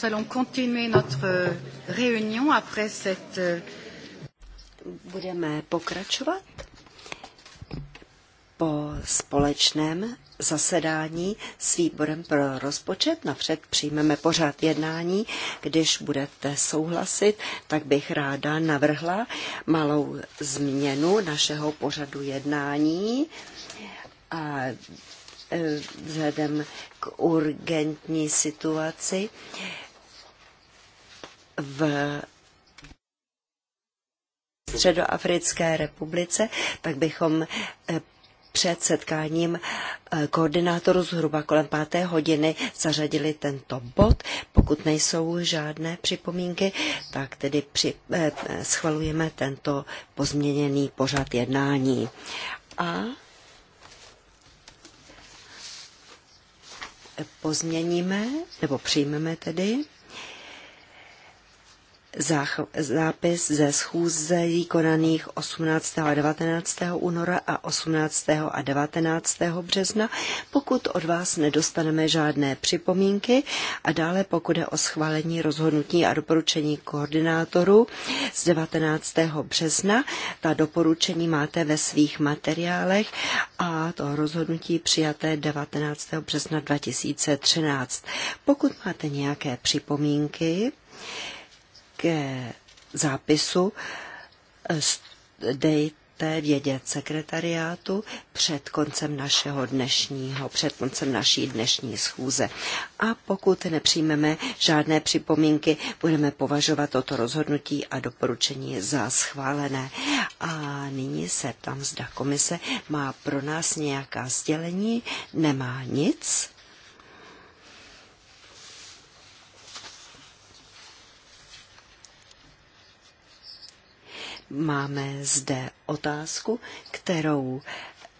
Nous allons continuer notre euh, réunion après cette... Euh, Budeme pokračovat po společném zasedání s výborem pro rozpočet. Napřed přijmeme pořád jednání. Když budete souhlasit, tak bych ráda navrhla malou změnu našeho pořadu jednání. A e, vzhledem k urgentní situaci v Středoafrické republice, tak bychom eh, před setkáním eh, koordinátorů zhruba kolem páté hodiny zařadili tento bod. Pokud nejsou žádné připomínky, tak tedy při, eh, schvalujeme tento pozměněný pořad jednání. A pozměníme, nebo přijmeme tedy zápis ze schůze konaných 18. a 19. února a 18. a 19. března, pokud od vás nedostaneme žádné připomínky a dále pokud je o schválení rozhodnutí a doporučení koordinátorů z 19. března. Ta doporučení máte ve svých materiálech a to rozhodnutí přijaté 19. března 2013. Pokud máte nějaké připomínky, ke zápisu eh, dejte vědět sekretariátu před koncem našeho dnešního, před koncem naší dnešní schůze. A pokud nepřijmeme žádné připomínky, budeme považovat toto rozhodnutí a doporučení za schválené. A nyní se tam zda komise má pro nás nějaká sdělení, nemá nic. Máme zde otázku, kterou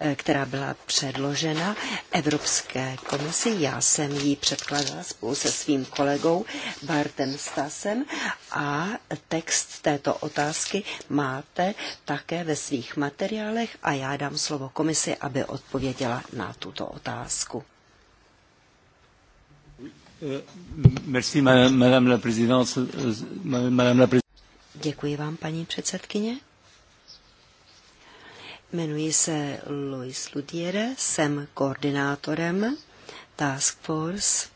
eh, která byla předložena Evropské komisi. Já jsem ji předkladala spolu se svým kolegou Bartem Stasem a text této otázky máte také ve svých materiálech a já dám slovo komisi, aby odpověděla na tuto otázku. Euh, merci, madame la présidente. Euh, madame la présidente. Děkuji vám, paní předsedkyně. Jmenuji se Luis Ludiere, jsem koordinátorem Task Force,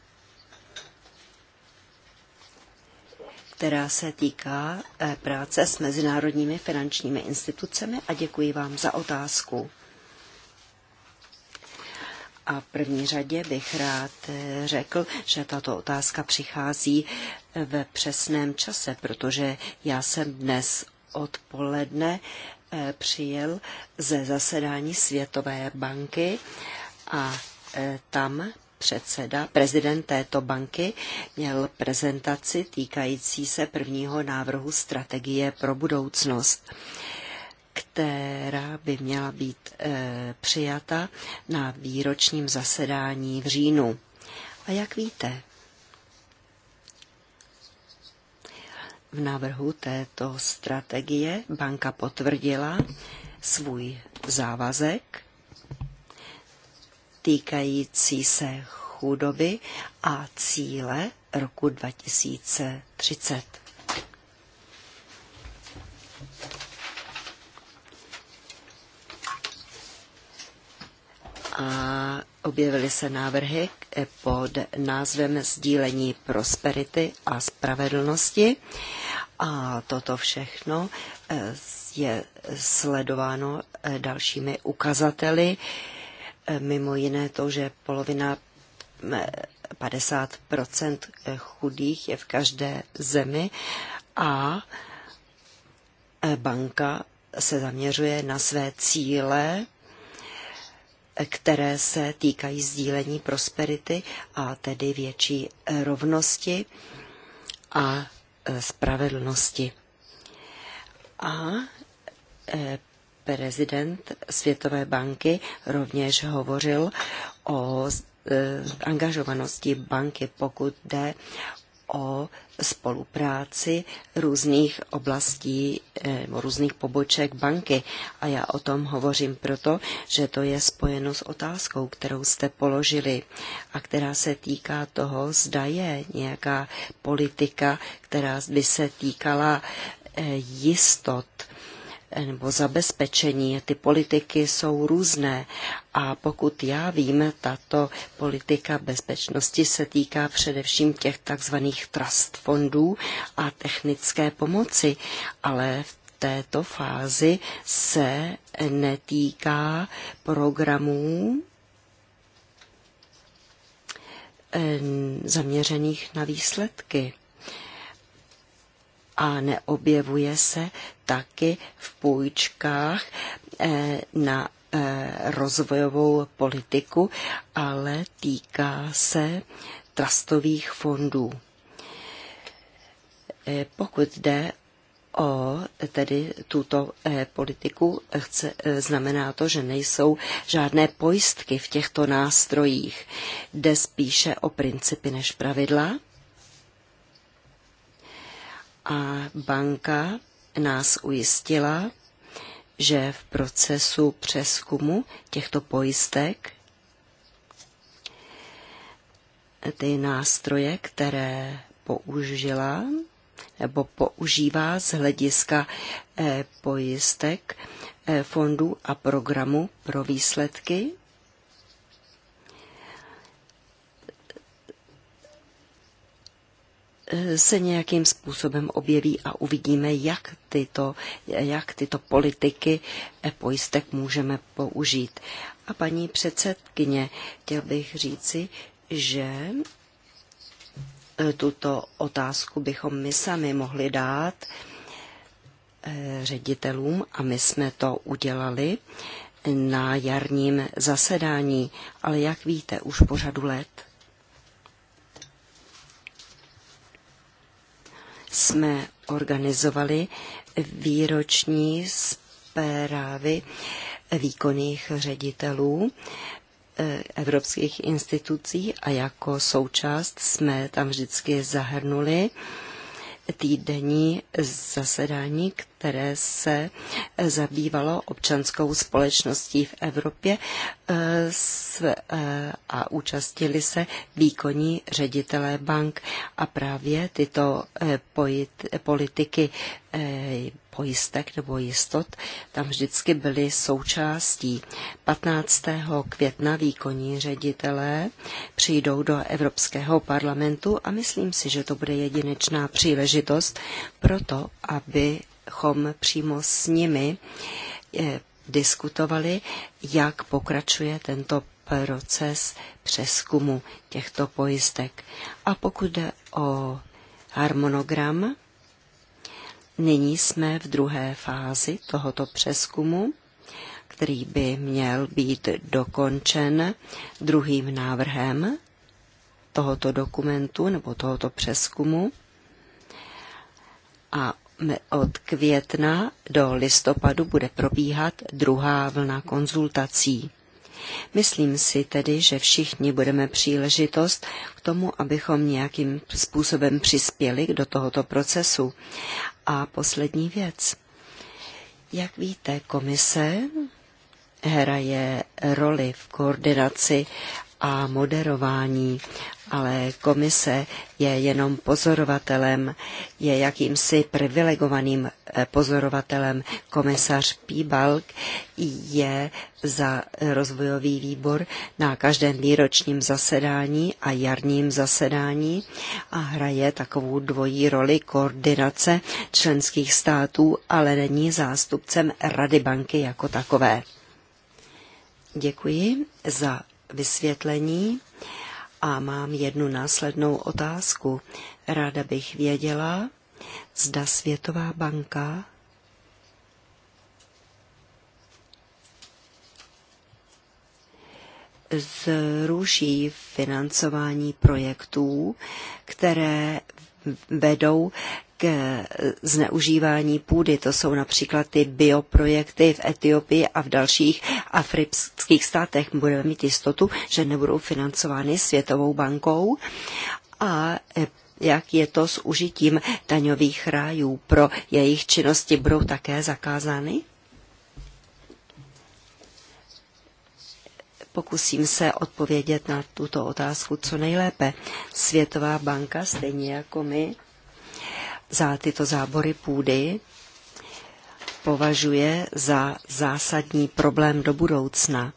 která se týká eh, práce s mezinárodními finančními institucemi a děkuji vám za otázku. A v první řadě bych rád eh, řekl, že tato otázka přichází ve přesném čase, protože já jsem dnes odpoledne eh, přijel ze zasedání Světové banky a eh, tam předseda, prezident této banky, měl prezentaci týkající se prvního návrhu strategie pro budoucnost, která by měla být e, přijata na výročním zasedání v říjnu. A jak víte, V návrhu této strategie banka potvrdila svůj závazek týkající se chudoby a cíle roku 2030. A Objevily se návrhy pod názvem Sdílení prosperity a spravedlnosti a toto všechno eh, je sledováno eh, dalšími ukazateli, eh, mimo jiné to, že polovina 50 chudých je v každé zemi a banka se zaměřuje na své cíle které se týkají sdílení prosperity a tedy větší rovnosti a e, spravedlnosti. A e, prezident Světové banky rovněž hovořil o e, angažovanosti banky, pokud jde o spolupráci různých oblastí eh, nebo různých poboček banky. A já o tom hovořím proto, že to je spojeno s otázkou, kterou jste položili a která se týká toho, zda je nějaká politika, která by se týkala eh, jistot nebo zabezpečení. Ty politiky jsou různé a pokud já vím, tato politika bezpečnosti se týká především těch takzvaných trust fondů a technické pomoci, ale v této fázi se netýká programů eh, zaměřených na výsledky a neobjevuje se taky v půjčkách eh, na eh, rozvojovou politiku, ale týká se trastových fondů. Eh, pokud jde o tedy tuto politiku, chce, znamená to, že nejsou žádné pojistky v těchto nástrojích. Jde spíše o principy než pravidla. A banka nás ujistila, že v procesu přeskumu těchto pojistek ty nástroje, které použila nebo používá z hlediska eh, pojistek eh, fondů a programu pro výsledky se nějakým způsobem objeví a uvidíme, jak tyto, jak tyto politiky e pojistek můžeme použít. A paní předsedkyně, chtěl bych říci, že e, tuto otázku bychom my sami mohli dát e, ředitelům a my jsme to udělali na jarním zasedání, ale jak víte, už po řadu let jsme organizovali výroční zprávy výkonných ředitelů eh, evropských institucí a jako součást jsme tam vždycky zahrnuli týdenní zasedání, které se eh, zabývalo občanskou společností v Evropě eh, eh, a účastnili se výkonní ředitelé bank a právě tyto politiky pojistek nebo jistot tam vždycky byly součástí. 15. května výkonní ředitelé přijdou do Evropského parlamentu a myslím si, že to bude jedinečná příležitost pro to, abychom přímo s nimi eh, diskutovali, jak pokračuje tento proces přeskumu těchto pojistek. A pokud jde o harmonogram, Nyní jsme v druhé fázi tohoto přeskumu, který by měl být dokončen druhým návrhem tohoto dokumentu nebo tohoto přeskumu. A od května do listopadu bude probíhat druhá vlna konzultací. Myslím si tedy, že všichni budeme příležitost k tomu, abychom nějakým způsobem přispěli do tohoto procesu. A poslední věc. Jak víte, komise hraje roli v koordinaci a moderování ale komise je jenom pozorovatelem, je jakýmsi privilegovaným eh, pozorovatelem. Komisař Píbalk je za rozvojový výbor na každém výročním zasedání a jarním zasedání a hraje takovou dvojí roli koordinace členských států, ale není zástupcem Rady banky jako takové. Děkuji za vysvětlení. A mám jednu následnou otázku. Ráda bych věděla, zda Světová banka zruší financování projektů, které vedou k eh, zneužívání půdy. To jsou například ty bioprojekty v Etiopii a v dalších afrických státech. Budeme mít jistotu, že nebudou financovány Světovou bankou. A eh, jak je to s užitím daňových rájů pro jejich činnosti, budou také zakázány? Pokusím se odpovědět na tuto otázku co nejlépe. Světová banka, stejně jako my, za tyto zábory půdy považuje za zásadní problém do budoucna.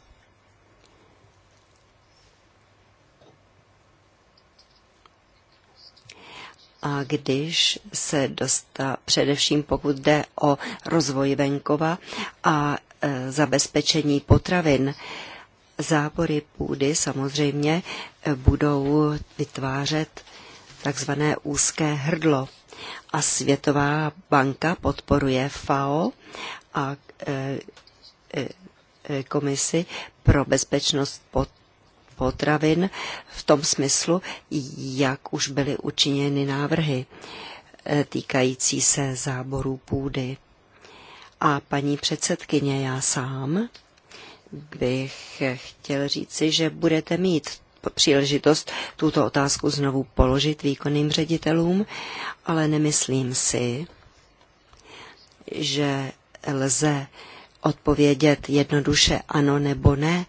a když se dostá, především pokud jde o rozvoj venkova a e, zabezpečení potravin, zábory půdy samozřejmě e, budou vytvářet takzvané úzké hrdlo a Světová banka podporuje FAO a e, e, e, komisi pro bezpečnost pot potravin v tom smyslu, jak už byly učiněny návrhy týkající se záborů půdy. A paní předsedkyně, já sám bych chtěl říci, že budete mít příležitost tuto otázku znovu položit výkonným ředitelům, ale nemyslím si, že lze odpovědět jednoduše ano nebo ne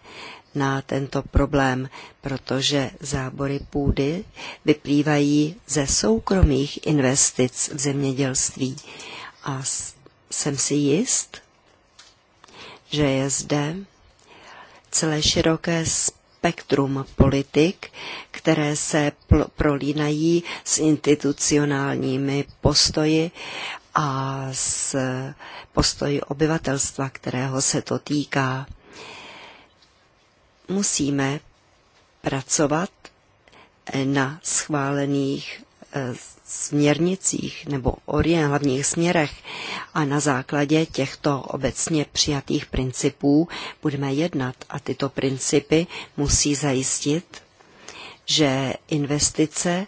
na tento problém, protože zábory půdy vyplývají ze soukromých investic v zemědělství. A jsem si jist, že je zde celé široké spektrum politik, které se prolínají s institucionálními postoji a s postoji obyvatelstva, kterého se to týká. Musíme pracovat na schválených eh, směrnicích nebo orien hlavních směrech a na základě těchto obecně přijatých principů budeme jednat a tyto principy musí zajistit, že investice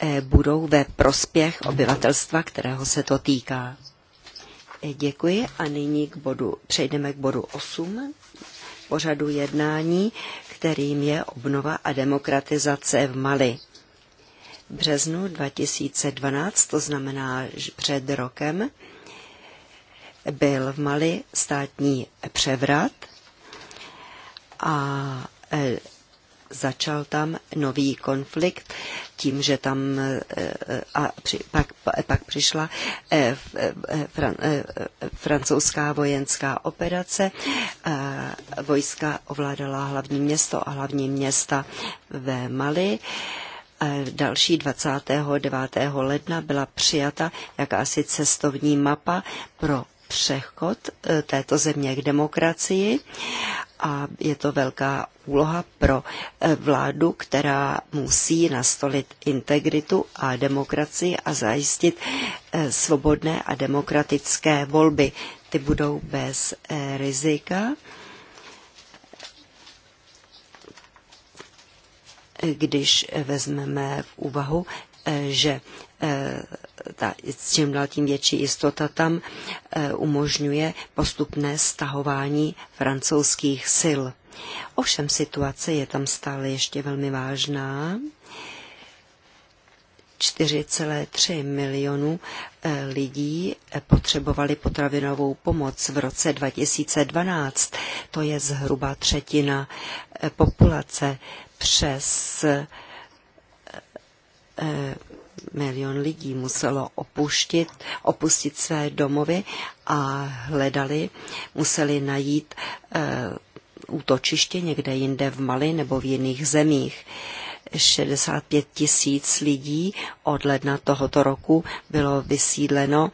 eh, budou ve prospěch obyvatelstva, kterého se to týká. Eh, děkuji a nyní k bodu, přejdeme k bodu 8 pořadu jednání, kterým je obnova a demokratizace v Mali březnu 2012, to znamená před rokem, byl v Mali státní převrat a e, začal tam nový konflikt tím, že tam e, e, a při, pak, pak přišla fran, francouzská vojenská operace. Vojska ovládala hlavní město a hlavní města ve Mali další 29. ledna byla přijata jakási cestovní mapa pro přechod eh, této země k demokracii a je to velká úloha pro eh, vládu, která musí nastolit integritu a demokracii a zajistit eh, svobodné a demokratické volby. Ty budou bez rizika když vezmeme v úvahu, eh, že eh, ta s čím dál tím větší jistota tam eh, umožňuje postupné stahování francouzských sil. Ovšem situace je tam stále ještě velmi vážná. 4,3 milionů lidí potřebovali potravinovou pomoc v roce 2012. To je zhruba třetina populace přes eh, eh, milion lidí muselo opuštit, opustit své domovy a hledali, museli najít eh, útočiště někde jinde v Mali nebo v jiných zemích. 65 tisíc lidí od ledna tohoto roku bylo vysídleno,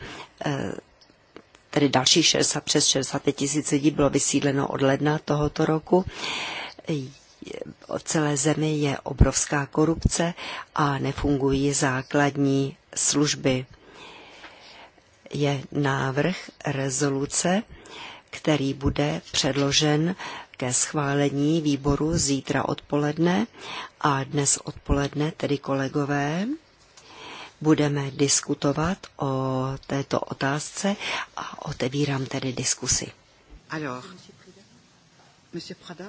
tedy další 60, přes 65 tisíc lidí bylo vysídleno od ledna tohoto roku v celé zemi je obrovská korupce a nefungují základní služby. Je návrh rezoluce, který bude předložen ke schválení výboru zítra odpoledne a dnes odpoledne, tedy kolegové, budeme diskutovat o této otázce a otevírám tedy diskusi. Alors, Monsieur Prada?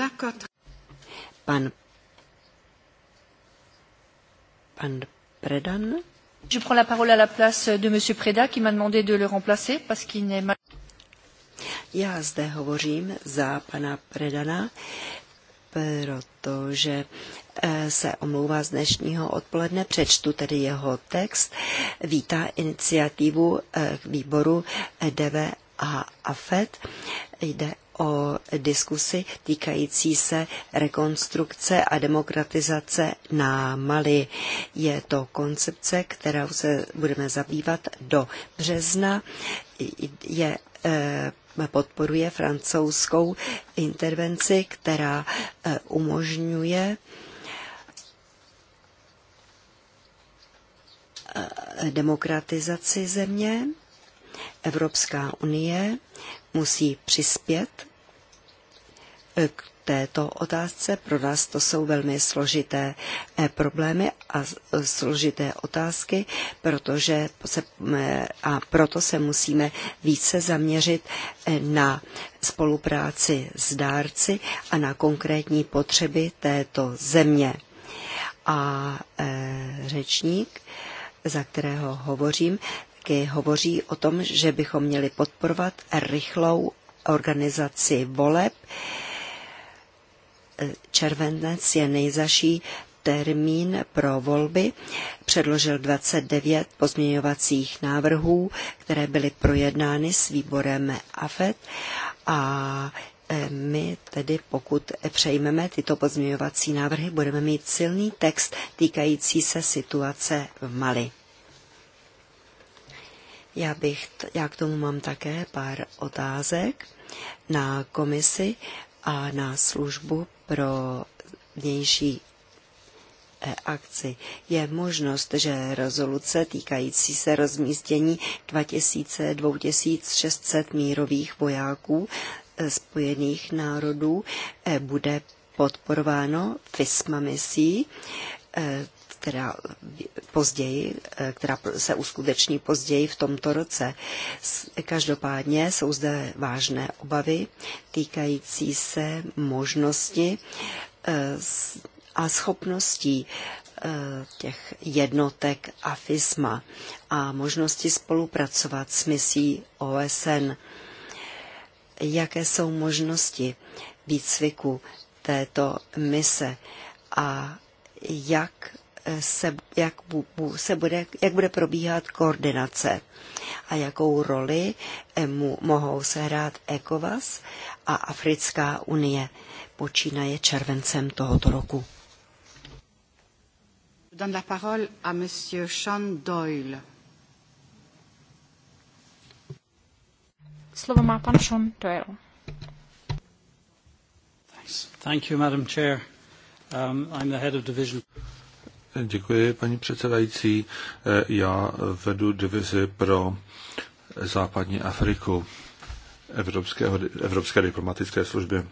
D'accord. Pan, pan Predan. Je prends la parole à la place de Monsieur Preda qui m'a demandé de le remplacer parce qu'il n'est mal. Já zde hovořím za pana Predana, protože eh, se omlouvá z dnešního odpoledne. Přečtu tedy jeho text. Vítá iniciativu k eh, výboru eh, DV a AFET Jde o diskusi týkající se rekonstrukce a demokratizace na Mali. Je to koncepce, kterou se budeme zabývat do března. Je eh, podporuje francouzskou intervenci, která eh, umožňuje eh, demokratizaci země. Evropská unie musí přispět e, k této otázce. Pro nás to jsou velmi složité e, problémy a e, složité otázky, protože se, a proto se musíme více zaměřit na spolupráci s dárci a na konkrétní potřeby této země. A řečník, za kterého hovořím, taky hovoří o tom, že bychom měli podporovat rychlou organizaci voleb. Červenec je nejzaší termín pro volby. Předložil 29 pozměňovacích návrhů, které byly projednány s výborem AFET a e, my tedy, pokud přejmeme tyto pozměňovací návrhy, budeme mít silný text týkající se situace v Mali. Já, bych, já k tomu mám také pár otázek na komisi a na službu pro vnější eh, akci. Je možnost, že rezoluce týkající se rozmístění 2600 mírových vojáků eh, Spojených národů eh, bude podporováno FISMA misí která, později, eh, která se uskuteční později v tomto roce. Každopádně jsou zde vážné obavy týkající se možnosti eh, a schopností eh, těch jednotek a FISMA a možnosti spolupracovat s misí OSN. Jaké jsou možnosti výcviku této mise a jak se, jak, se bude, jak bude probíhat koordinace a jakou roli eh, mu mohou sehrát ECOWAS a Africká unie. Počínaje červencem tohoto roku. Donne la parole à Monsieur Sean Doyle. Slovo má pan Sean Doyle. Thanks. Thank you, Madam Chair. Um, I'm the head of division. Děkuji, paní předsedající. Já vedu divizi pro západní Afriku Evropského, Evropské diplomatické služby.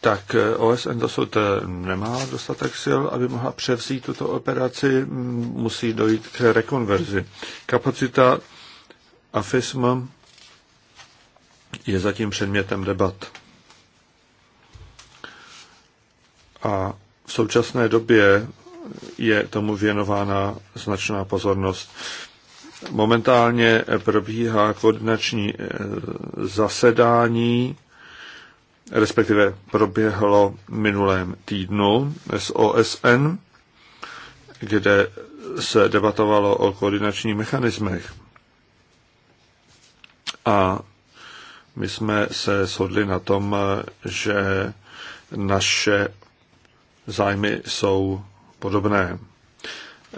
Tak OSN dosud nemá dostatek sil, aby mohla převzít tuto operaci, musí dojít k rekonverzi. Kapacita AFISM je zatím předmětem debat. A v současné době je tomu věnována značná pozornost. Momentálně probíhá koordinační eh, zasedání, respektive proběhlo minulém týdnu s OSN, kde se debatovalo o koordinačních mechanismech. A my jsme se shodli na tom, eh, že naše zájmy jsou podobné.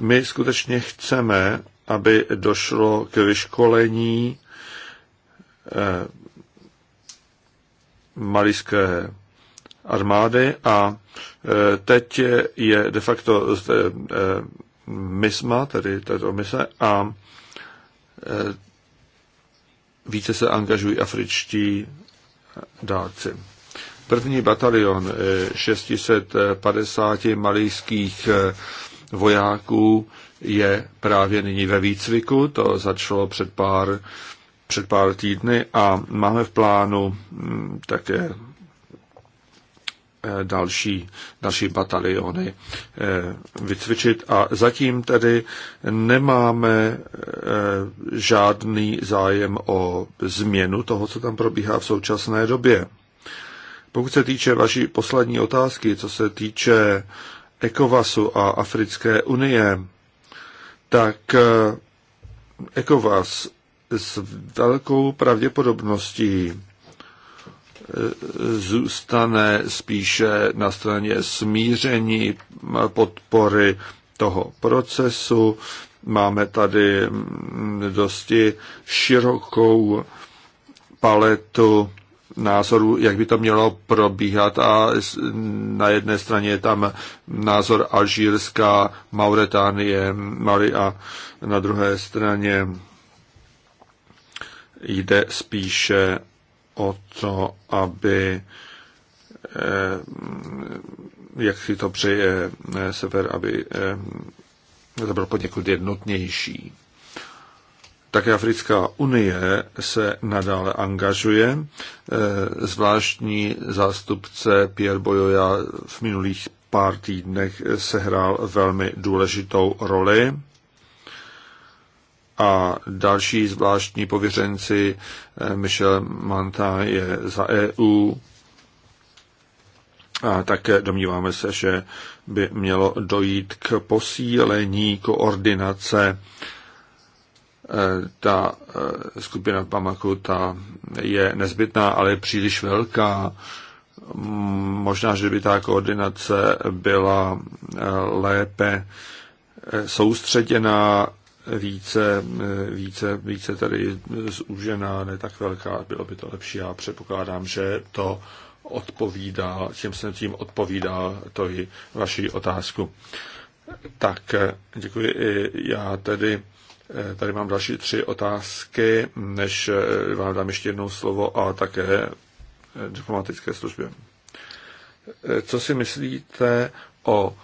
My skutečně chceme, aby došlo k vyškolení eh, malijské armády a eh, teď je de facto zde eh, MISMA, tedy této mise, a více se angažují afričtí dárci. První batalion 650 eh, malijských eh, vojáků je právě nyní ve výcviku, to začalo před pár, před pár týdny a máme v plánu mm, také eh, další, další bataliony vycvičit a zatím tedy nemáme žádný zájem o změnu toho, co tam probíhá v současné době. Pokud se týče vaší poslední otázky, co se týče ECOVASu a Africké unie, tak eh, ECOVAS s velkou pravděpodobností eh, zůstane spíše na straně smíření podpory toho procesu. Máme tady mm, dosti širokou paletu názorů, jak by to mělo probíhat a na jedné straně je tam názor Alžírská, Mauretánie, Mali a na druhé straně jde spíše o to, aby eh, jak si to přeje eh, sever, aby eh, to bylo poněkud jednotnější. Také Africká unie se nadále angažuje. E, zvláštní zástupce Pierre Bojoja v minulých pár týdnech sehrál velmi důležitou roli a další zvláštní pověřenci e, Michel Manta je za EU. A také domníváme se, že by mělo dojít k posílení koordinace Eh, ta eh, skupina v Bamaku ta je nezbytná, ale je příliš velká. Mm, možná, že by ta koordinace byla eh, lépe soustředěná, více, více, více tady zúžená, ne tak velká, bylo by to lepší. Já předpokládám, že to odpovídá, tím se tím odpovídá to i vaši otázku. Tak děkuji. Já tedy Eh, tady mám další tři otázky, než eh, vám dám ještě jednou slovo a také eh, diplomatické službě. Co si myslíte o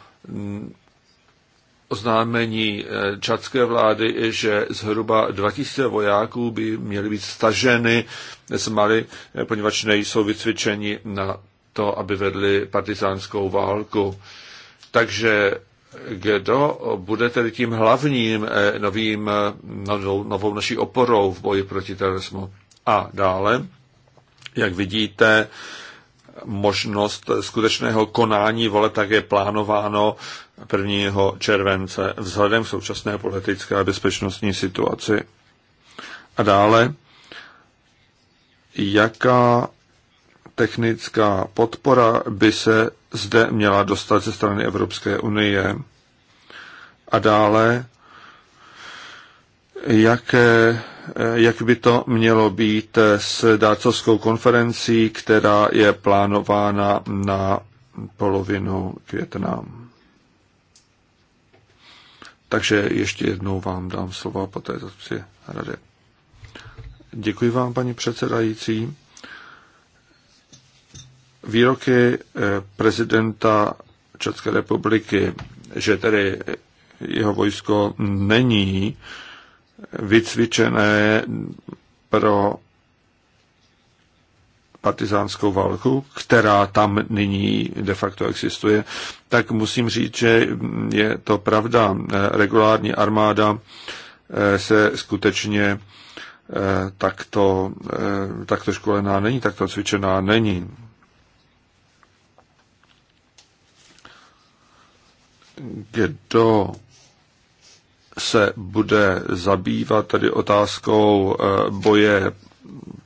oznámení čadské vlády, že zhruba 2000 vojáků by měly být staženy z Mali, poněvadž nejsou vycvičeni na to, aby vedli partizánskou válku. Takže kdo bude tedy tím hlavním eh, novým, eh, novou naší oporou v boji proti terorismu. A dále, jak vidíte, možnost skutečného konání vole tak je plánováno 1. července vzhledem k současné politické a bezpečnostní situaci. A dále, jaká technická podpora by se zde měla dostat ze strany Evropské unie. A dále, jak, jak by to mělo být s dárcovskou konferencí, která je plánována na polovinu května. Takže ještě jednou vám dám slovo po té zastupci rady. Děkuji vám, paní předsedající výroky eh, prezidenta České republiky, že tedy jeho vojsko není vycvičené pro partizánskou válku, která tam nyní de facto existuje, tak musím říct, že je to pravda. Eh, regulární armáda eh, se skutečně takto, takto školená není, takto cvičená není. kdo se bude zabývat tady otázkou eh, boje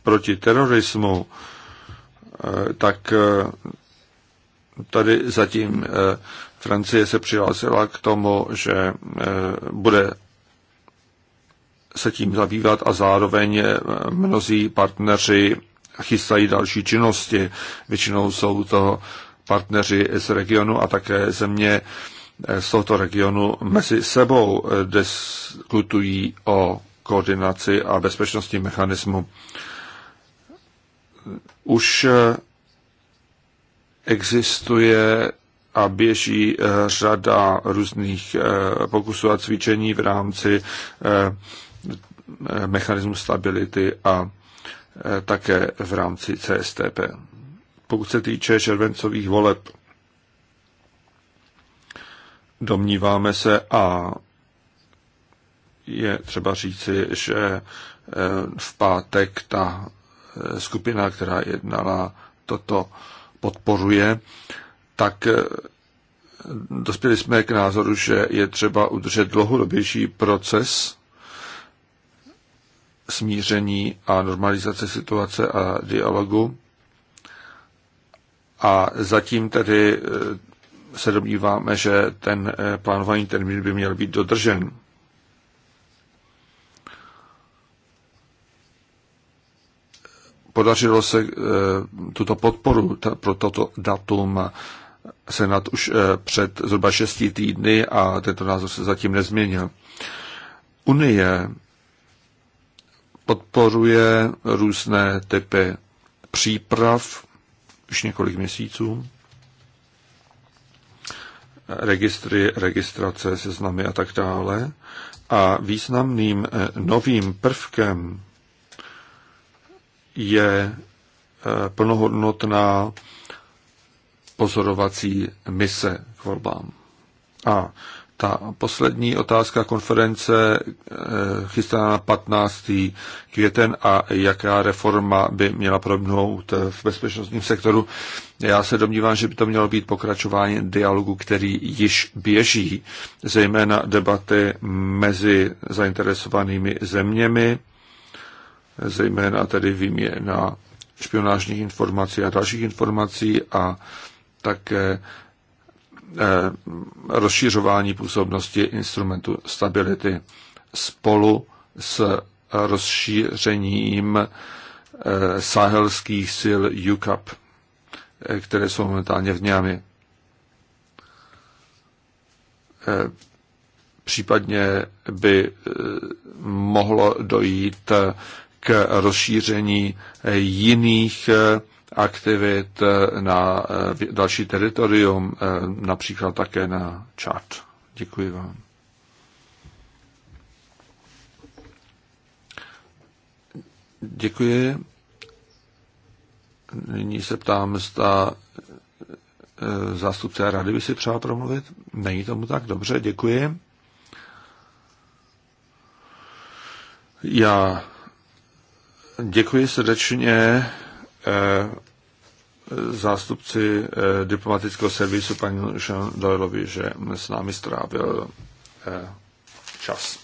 proti terorismu, eh, tak eh, tady zatím Francie se přihlásila k tomu, že bude se tím zabývat a zároveň mnozí partneři chystají další činnosti. Většinou jsou to partneři z regionu a také země, Eh, z tohoto regionu mezi sebou eh, diskutují o koordinaci a bezpečnostním mechanismu. Už eh, existuje a běží řada různých pokusů a cvičení v rámci mechanismu stability a také v rámci CSTP. Pokud se týče červencových voleb, Domníváme se a je třeba říci, že eh, v pátek ta eh, skupina, která jednala, toto podporuje, tak eh, dospěli jsme k názoru, že je třeba udržet dlouhodobější proces smíření a normalizace situace a dialogu. A zatím tedy se domníváme, že ten eh, plánovaný termín by měl být dodržen. Podařilo se eh, tuto podporu pro toto datum senát už eh, před zhruba šesti týdny a tento názor se zatím nezměnil. Unie podporuje různé typy příprav už několik měsíců registry, registrace, seznamy a tak dále. A významným eh, novým prvkem je eh, plnohodnotná pozorovací mise k volbám. A ta poslední otázka konference eh, chystaná 15. květen a jaká reforma by měla probnout eh, v bezpečnostním sektoru. Já se domnívám, že by to mělo být pokračování dialogu, který již běží, zejména debaty mezi zainteresovanými zeměmi, zejména tedy výměna špionážních informací a dalších informací a také Eh, rozšířování působnosti instrumentu stability spolu s rozšířením eh, sahelských sil UCAP, eh, které jsou momentálně v Němi. Případně by mohlo dojít k rozšíření jiných aktivit eh, na eh, další teritorium, eh, například také na čat. Děkuji vám. Děkuji. Nyní se ptám, zda zástupce rady by si přál promluvit. Není tomu tak? Dobře, děkuji. Já děkuji srdečně Eh, zástupci eh, diplomatického servisu Jean Doyleovi, že s námi strávil eh, čas.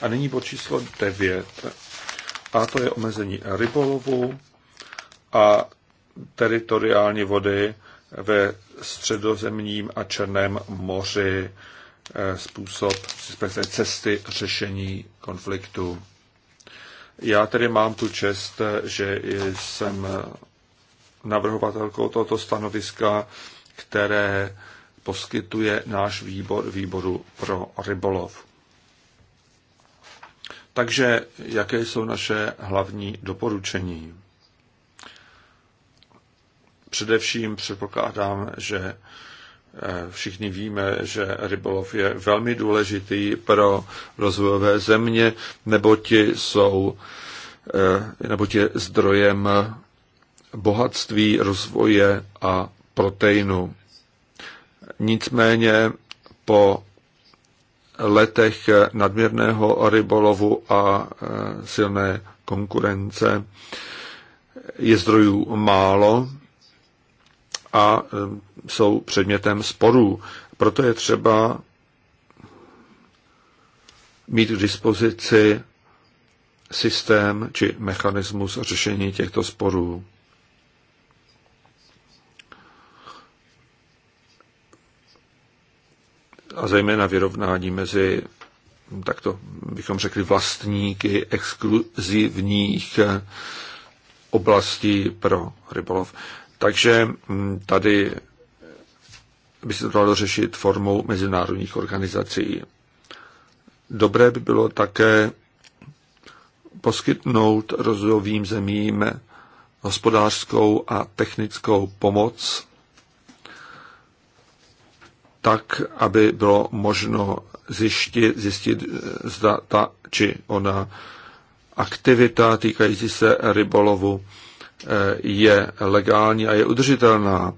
A nyní po číslo 9. A to je omezení rybolovu a teritoriální vody ve středozemním a černém moři způsob, cesty řešení konfliktu. Já tedy mám tu čest, že jsem navrhovatelkou tohoto stanoviska, které poskytuje náš výbor výboru pro rybolov. Takže jaké jsou naše hlavní doporučení? Především předpokládám, že Eh, všichni víme, že rybolov je velmi důležitý pro rozvojové země, neboť jsou eh, neboť je zdrojem bohatství, rozvoje a proteinu. Nicméně po letech nadměrného rybolovu a eh, silné konkurence je zdrojů málo a e, jsou předmětem sporů. Proto je třeba mít k dispozici systém či mechanismus řešení těchto sporů. A zejména vyrovnání mezi, takto bychom řekli, vlastníky exkluzivních e, oblastí pro rybolov. Takže mm, tady by se to dalo řešit formou mezinárodních organizací. Dobré by bylo také poskytnout rozvojovým zemím hospodářskou a technickou pomoc, tak, aby bylo možno zjistit, zjistit zda ta či ona aktivita týkající se rybolovu Eh, je legální a je udržitelná.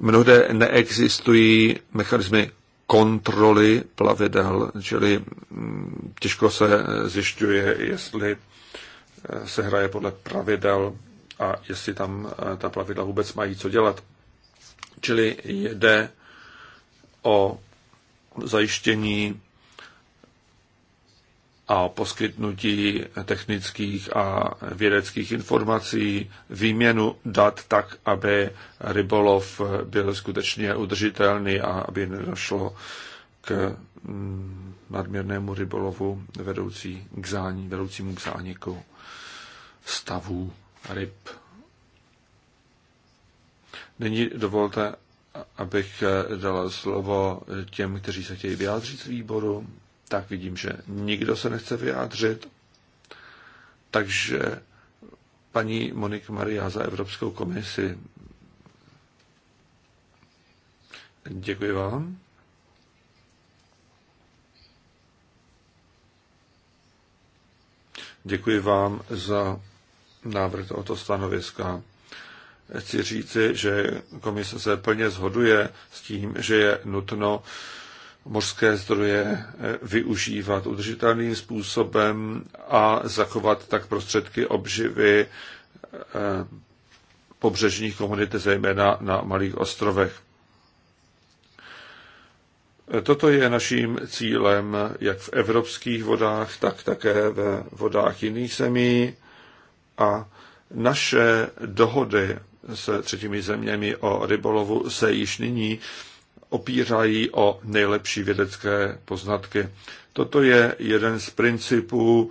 Mnohde neexistují mechanismy kontroly plavidel, čili mm, těžko se zjišťuje, jestli eh, se hraje podle pravidel a jestli tam eh, ta plavidla vůbec mají co dělat. Čili jde o zajištění a poskytnutí technických a vědeckých informací, výměnu dat tak, aby rybolov byl skutečně udržitelný a aby nedošlo k mm, nadměrnému rybolovu vedoucí k zání, vedoucímu k zániku stavů ryb. Nyní dovolte, abych dala slovo těm, kteří se chtějí vyjádřit z výboru tak vidím, že nikdo se nechce vyjádřit. Takže paní Monik Maria za Evropskou komisi. Děkuji vám. Děkuji vám za návrh tohoto stanoviska. Chci říci, že komise se plně zhoduje s tím, že je nutno mořské zdroje eh, využívat udržitelným způsobem a zachovat tak prostředky obživy eh, pobřežních komunit, zejména na malých ostrovech. Eh, toto je naším cílem jak v evropských vodách, tak také ve vodách jiných zemí a naše dohody se třetími zeměmi o rybolovu se již nyní opírají o nejlepší vědecké poznatky. Toto je jeden z principů,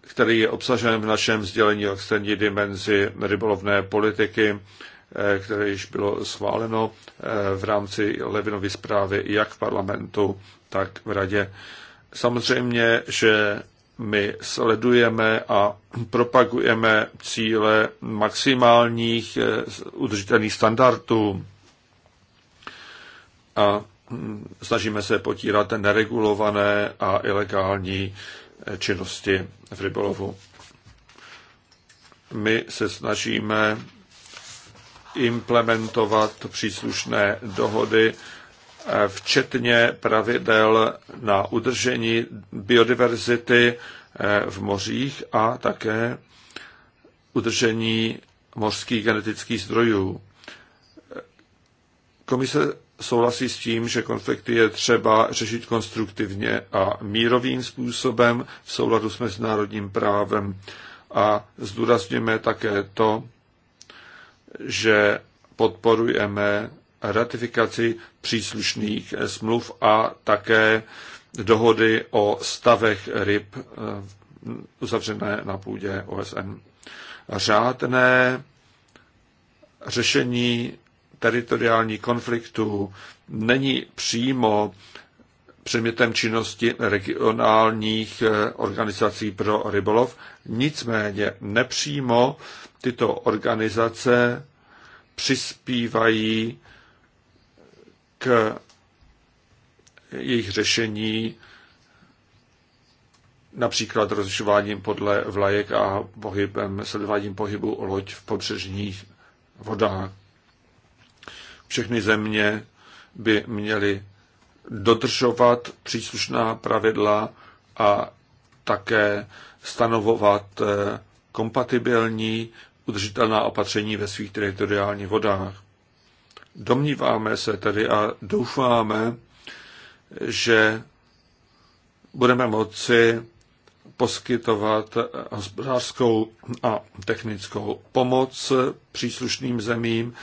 který je obsažen v našem sdělení o externí dimenzi rybolovné politiky, eh, které již bylo schváleno eh, v rámci Levinovy zprávy jak v parlamentu, tak v radě. Samozřejmě, že my sledujeme a propagujeme cíle maximálních eh, udržitelných standardů a hm, snažíme se potírat neregulované a ilegální eh, činnosti v rybolovu. My se snažíme implementovat příslušné dohody, eh, včetně pravidel na udržení biodiverzity eh, v mořích a také udržení mořských genetických zdrojů. Komise souhlasí s tím, že konflikty je třeba řešit konstruktivně a mírovým způsobem v souladu s mezinárodním právem. A zdůrazněme také to, že podporujeme ratifikaci příslušných smluv a také dohody o stavech ryb eh, uzavřené na půdě OSN. Řádné řešení teritoriální konfliktů není přímo předmětem činnosti regionálních eh, organizací pro rybolov. Nicméně nepřímo tyto organizace přispívají k jejich řešení například rozlišováním podle vlajek a pohybem, sledováním pohybu loď v pobřežních vodách všechny země by měly dodržovat příslušná pravidla a také stanovovat eh, kompatibilní udržitelná opatření ve svých teritoriálních vodách. Domníváme se tedy a doufáme, že budeme moci poskytovat hospodářskou a technickou pomoc příslušným zemím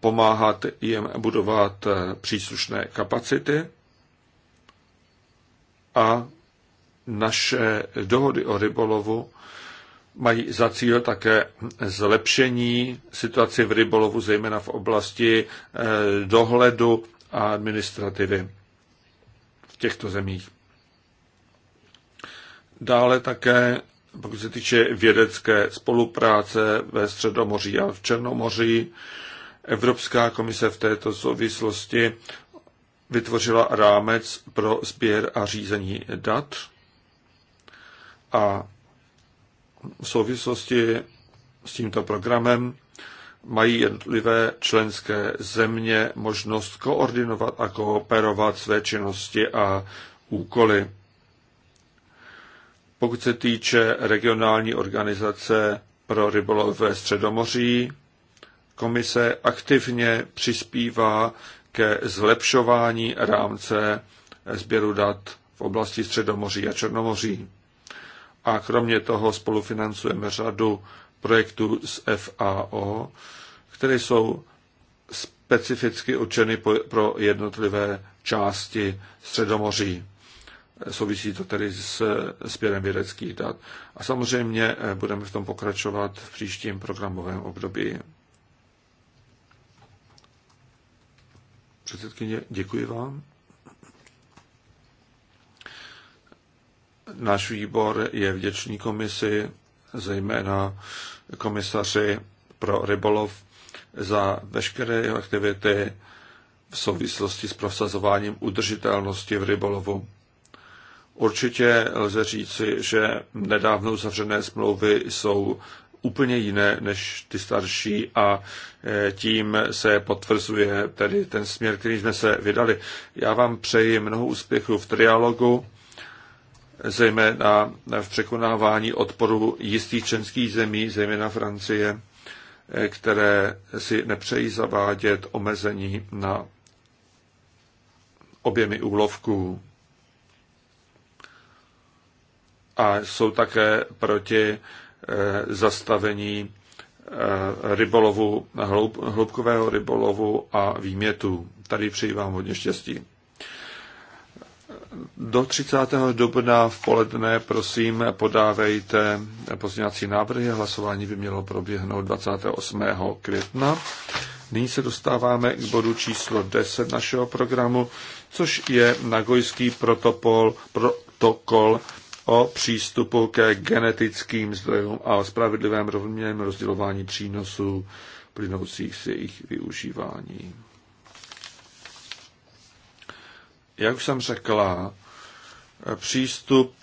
pomáhat jim budovat eh, příslušné kapacity a naše dohody o rybolovu mají za cíl také zlepšení situaci v rybolovu, zejména v oblasti eh, dohledu a administrativy v těchto zemích. Dále také, pokud se týče vědecké spolupráce ve Středomoří a v Černomoří, Evropská komise v této souvislosti vytvořila rámec pro sběr a řízení dat a v souvislosti s tímto programem mají jednotlivé členské země možnost koordinovat a kooperovat své činnosti a úkoly. Pokud se týče regionální organizace pro rybolov ve Středomoří, komise aktivně přispívá ke zlepšování rámce sběru dat v oblasti Středomoří a Černomoří. A kromě toho spolufinancujeme řadu projektů z FAO, které jsou specificky určeny pro jednotlivé části Středomoří. Souvisí to tedy s sběrem vědeckých dat. A samozřejmě budeme v tom pokračovat v příštím programovém období. Předsedkyně, děkuji vám. Náš výbor je vděčný komisi, zejména komisaři pro rybolov, za veškeré jeho aktivity v souvislosti s prosazováním udržitelnosti v rybolovu. Určitě lze říci, že nedávno zavřené smlouvy jsou úplně jiné než ty starší a e, tím se potvrzuje tedy ten směr, který jsme se vydali. Já vám přeji mnoho úspěchů v trialogu, zejména v překonávání odporu jistých členských zemí, zejména Francie, e, které si nepřejí zavádět omezení na objemy úlovků. A jsou také proti Eh, zastavení eh, rybolovu, hloub, hloubkového rybolovu a výmětu. Tady přeji vám hodně štěstí. Do 30. dubna v poledne, prosím, podávejte pozměňovací návrhy. Hlasování by mělo proběhnout 28. května. Nyní se dostáváme k bodu číslo 10 našeho programu, což je Nagojský protokol, protokol o přístupu ke genetickým zdrojům a o spravedlivém rovněm rozdělování přínosů plynoucích z jejich využívání. Jak už jsem řekla, přístup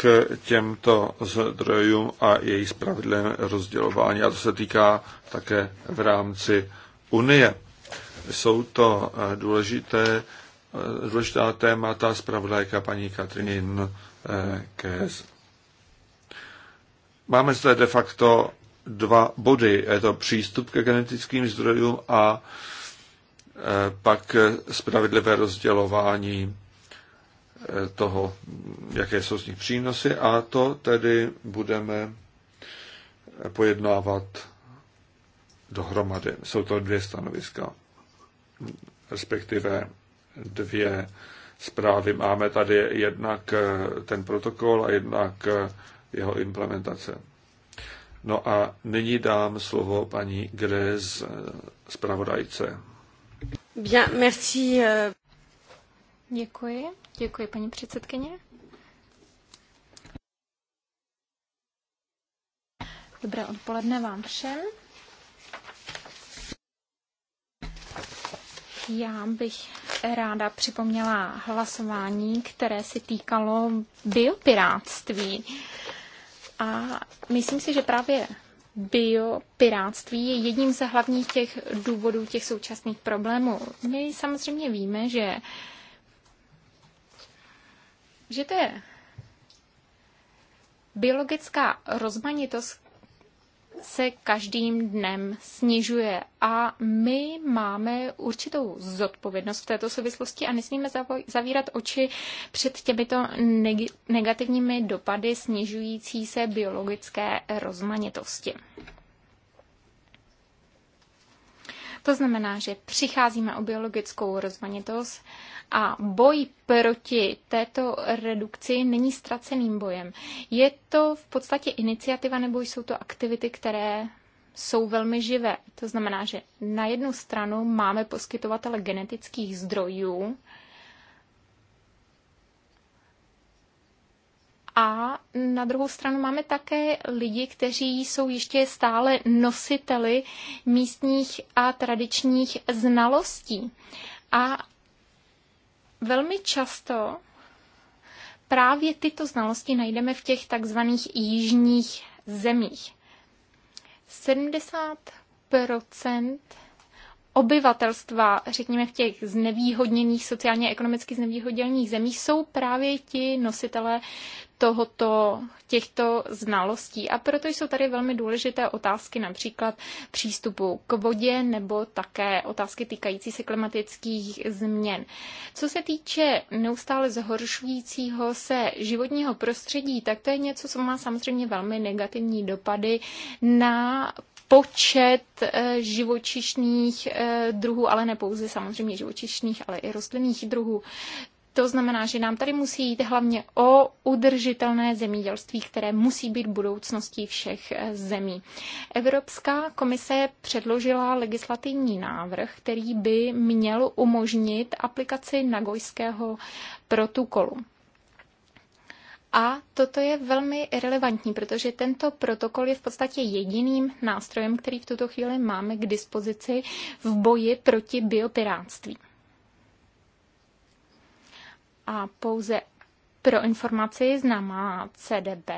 k těmto zdrojům a jejich spravedlivém rozdělování, a to se týká také v rámci Unie. Jsou to důležité, důležitá témata zpravodajka paní Katrin KS. Máme zde de facto dva body. Je to přístup ke genetickým zdrojům a e, pak spravedlivé rozdělování e, toho, jaké jsou z nich přínosy a to tedy budeme pojednávat dohromady. Jsou to dvě stanoviska, respektive dvě zprávy. Máme tady jednak eh, ten protokol a jednak eh, jeho implementace. No a nyní dám slovo paní Grez, eh, zpravodajce. Bien, merci. Děkuji. Děkuji, paní předsedkyně. Dobré odpoledne vám všem. Já bych ráda připomněla hlasování, které se týkalo biopiráctví. A myslím si, že právě biopiráctví je jedním ze hlavních těch důvodů těch současných problémů. My samozřejmě víme, že, že to je biologická rozmanitost, se každým dnem snižuje a my máme určitou zodpovědnost v této souvislosti a nesmíme zavírat oči před těmito negativními dopady snižující se biologické rozmanitosti. To znamená, že přicházíme o biologickou rozmanitost a boj proti této redukci není ztraceným bojem. Je to v podstatě iniciativa nebo jsou to aktivity, které jsou velmi živé. To znamená, že na jednu stranu máme poskytovatele genetických zdrojů, A na druhou stranu máme také lidi, kteří jsou ještě stále nositeli místních a tradičních znalostí. A velmi často právě tyto znalosti najdeme v těch takzvaných jižních zemích. 70 obyvatelstva, řekněme v těch znevýhodněných, sociálně ekonomicky znevýhodněných zemích, jsou právě ti nositelé tohoto, těchto znalostí. A proto jsou tady velmi důležité otázky, například přístupu k vodě nebo také otázky týkající se klimatických změn. Co se týče neustále zhoršujícího se životního prostředí, tak to je něco, co má samozřejmě velmi negativní dopady na počet eh, živočišných eh, druhů, ale ne pouze samozřejmě živočišných, ale i rostlinných druhů. To znamená, že nám tady musí jít hlavně o udržitelné zemědělství, které musí být budoucností všech eh, zemí. Evropská komise předložila legislativní návrh, který by měl umožnit aplikaci Nagojského protokolu. A toto je velmi relevantní, protože tento protokol je v podstatě jediným nástrojem, který v tuto chvíli máme k dispozici v boji proti biopiráctví. A pouze pro informaci známá CDB,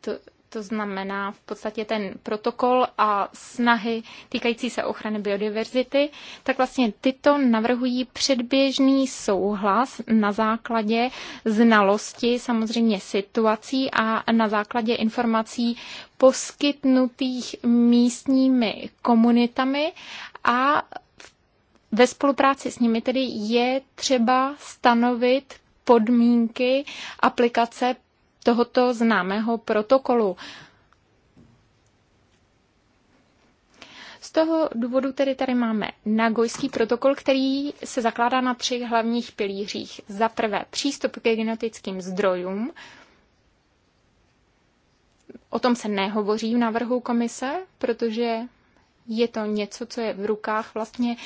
to, to znamená v podstatě ten protokol a snahy týkající se ochrany biodiverzity, tak vlastně tyto navrhují předběžný souhlas na základě znalosti samozřejmě situací a na základě informací poskytnutých místními komunitami a ve spolupráci s nimi tedy je třeba stanovit podmínky aplikace tohoto známého protokolu. Z toho důvodu tedy tady máme Nagojský protokol, který se zakládá na třech hlavních pilířích. Za prvé přístup ke genetickým zdrojům, o tom se nehovoří v návrhu komise, protože je to něco, co je v rukách vlastně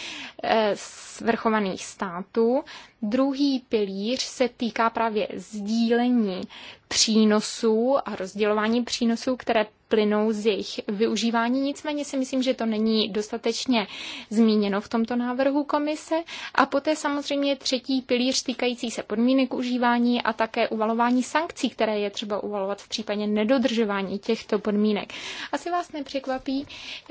eh, svrchovaných států. Druhý pilíř se týká právě sdílení přínosů a rozdělování přínosů, které plynou z jejich využívání. Nicméně si myslím, že to není dostatečně zmíněno v tomto návrhu komise. A poté samozřejmě třetí pilíř týkající se podmínek užívání a také uvalování sankcí, které je třeba uvalovat v případě nedodržování těchto podmínek. Asi vás nepřekvapí,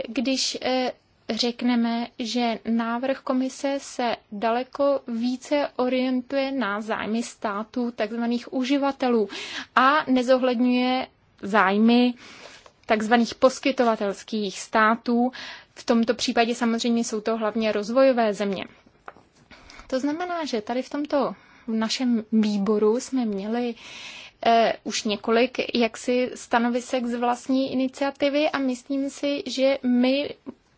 když eh, řekneme, že návrh komise se daleko více orientuje na zájmy států, takzvaných uživatelů a nezohledňuje zájmy takzvaných poskytovatelských států. V tomto případě samozřejmě jsou to hlavně rozvojové země. To znamená, že tady v tomto v našem výboru jsme měli eh, už několik jaksi stanovisek z vlastní iniciativy a myslím si, že my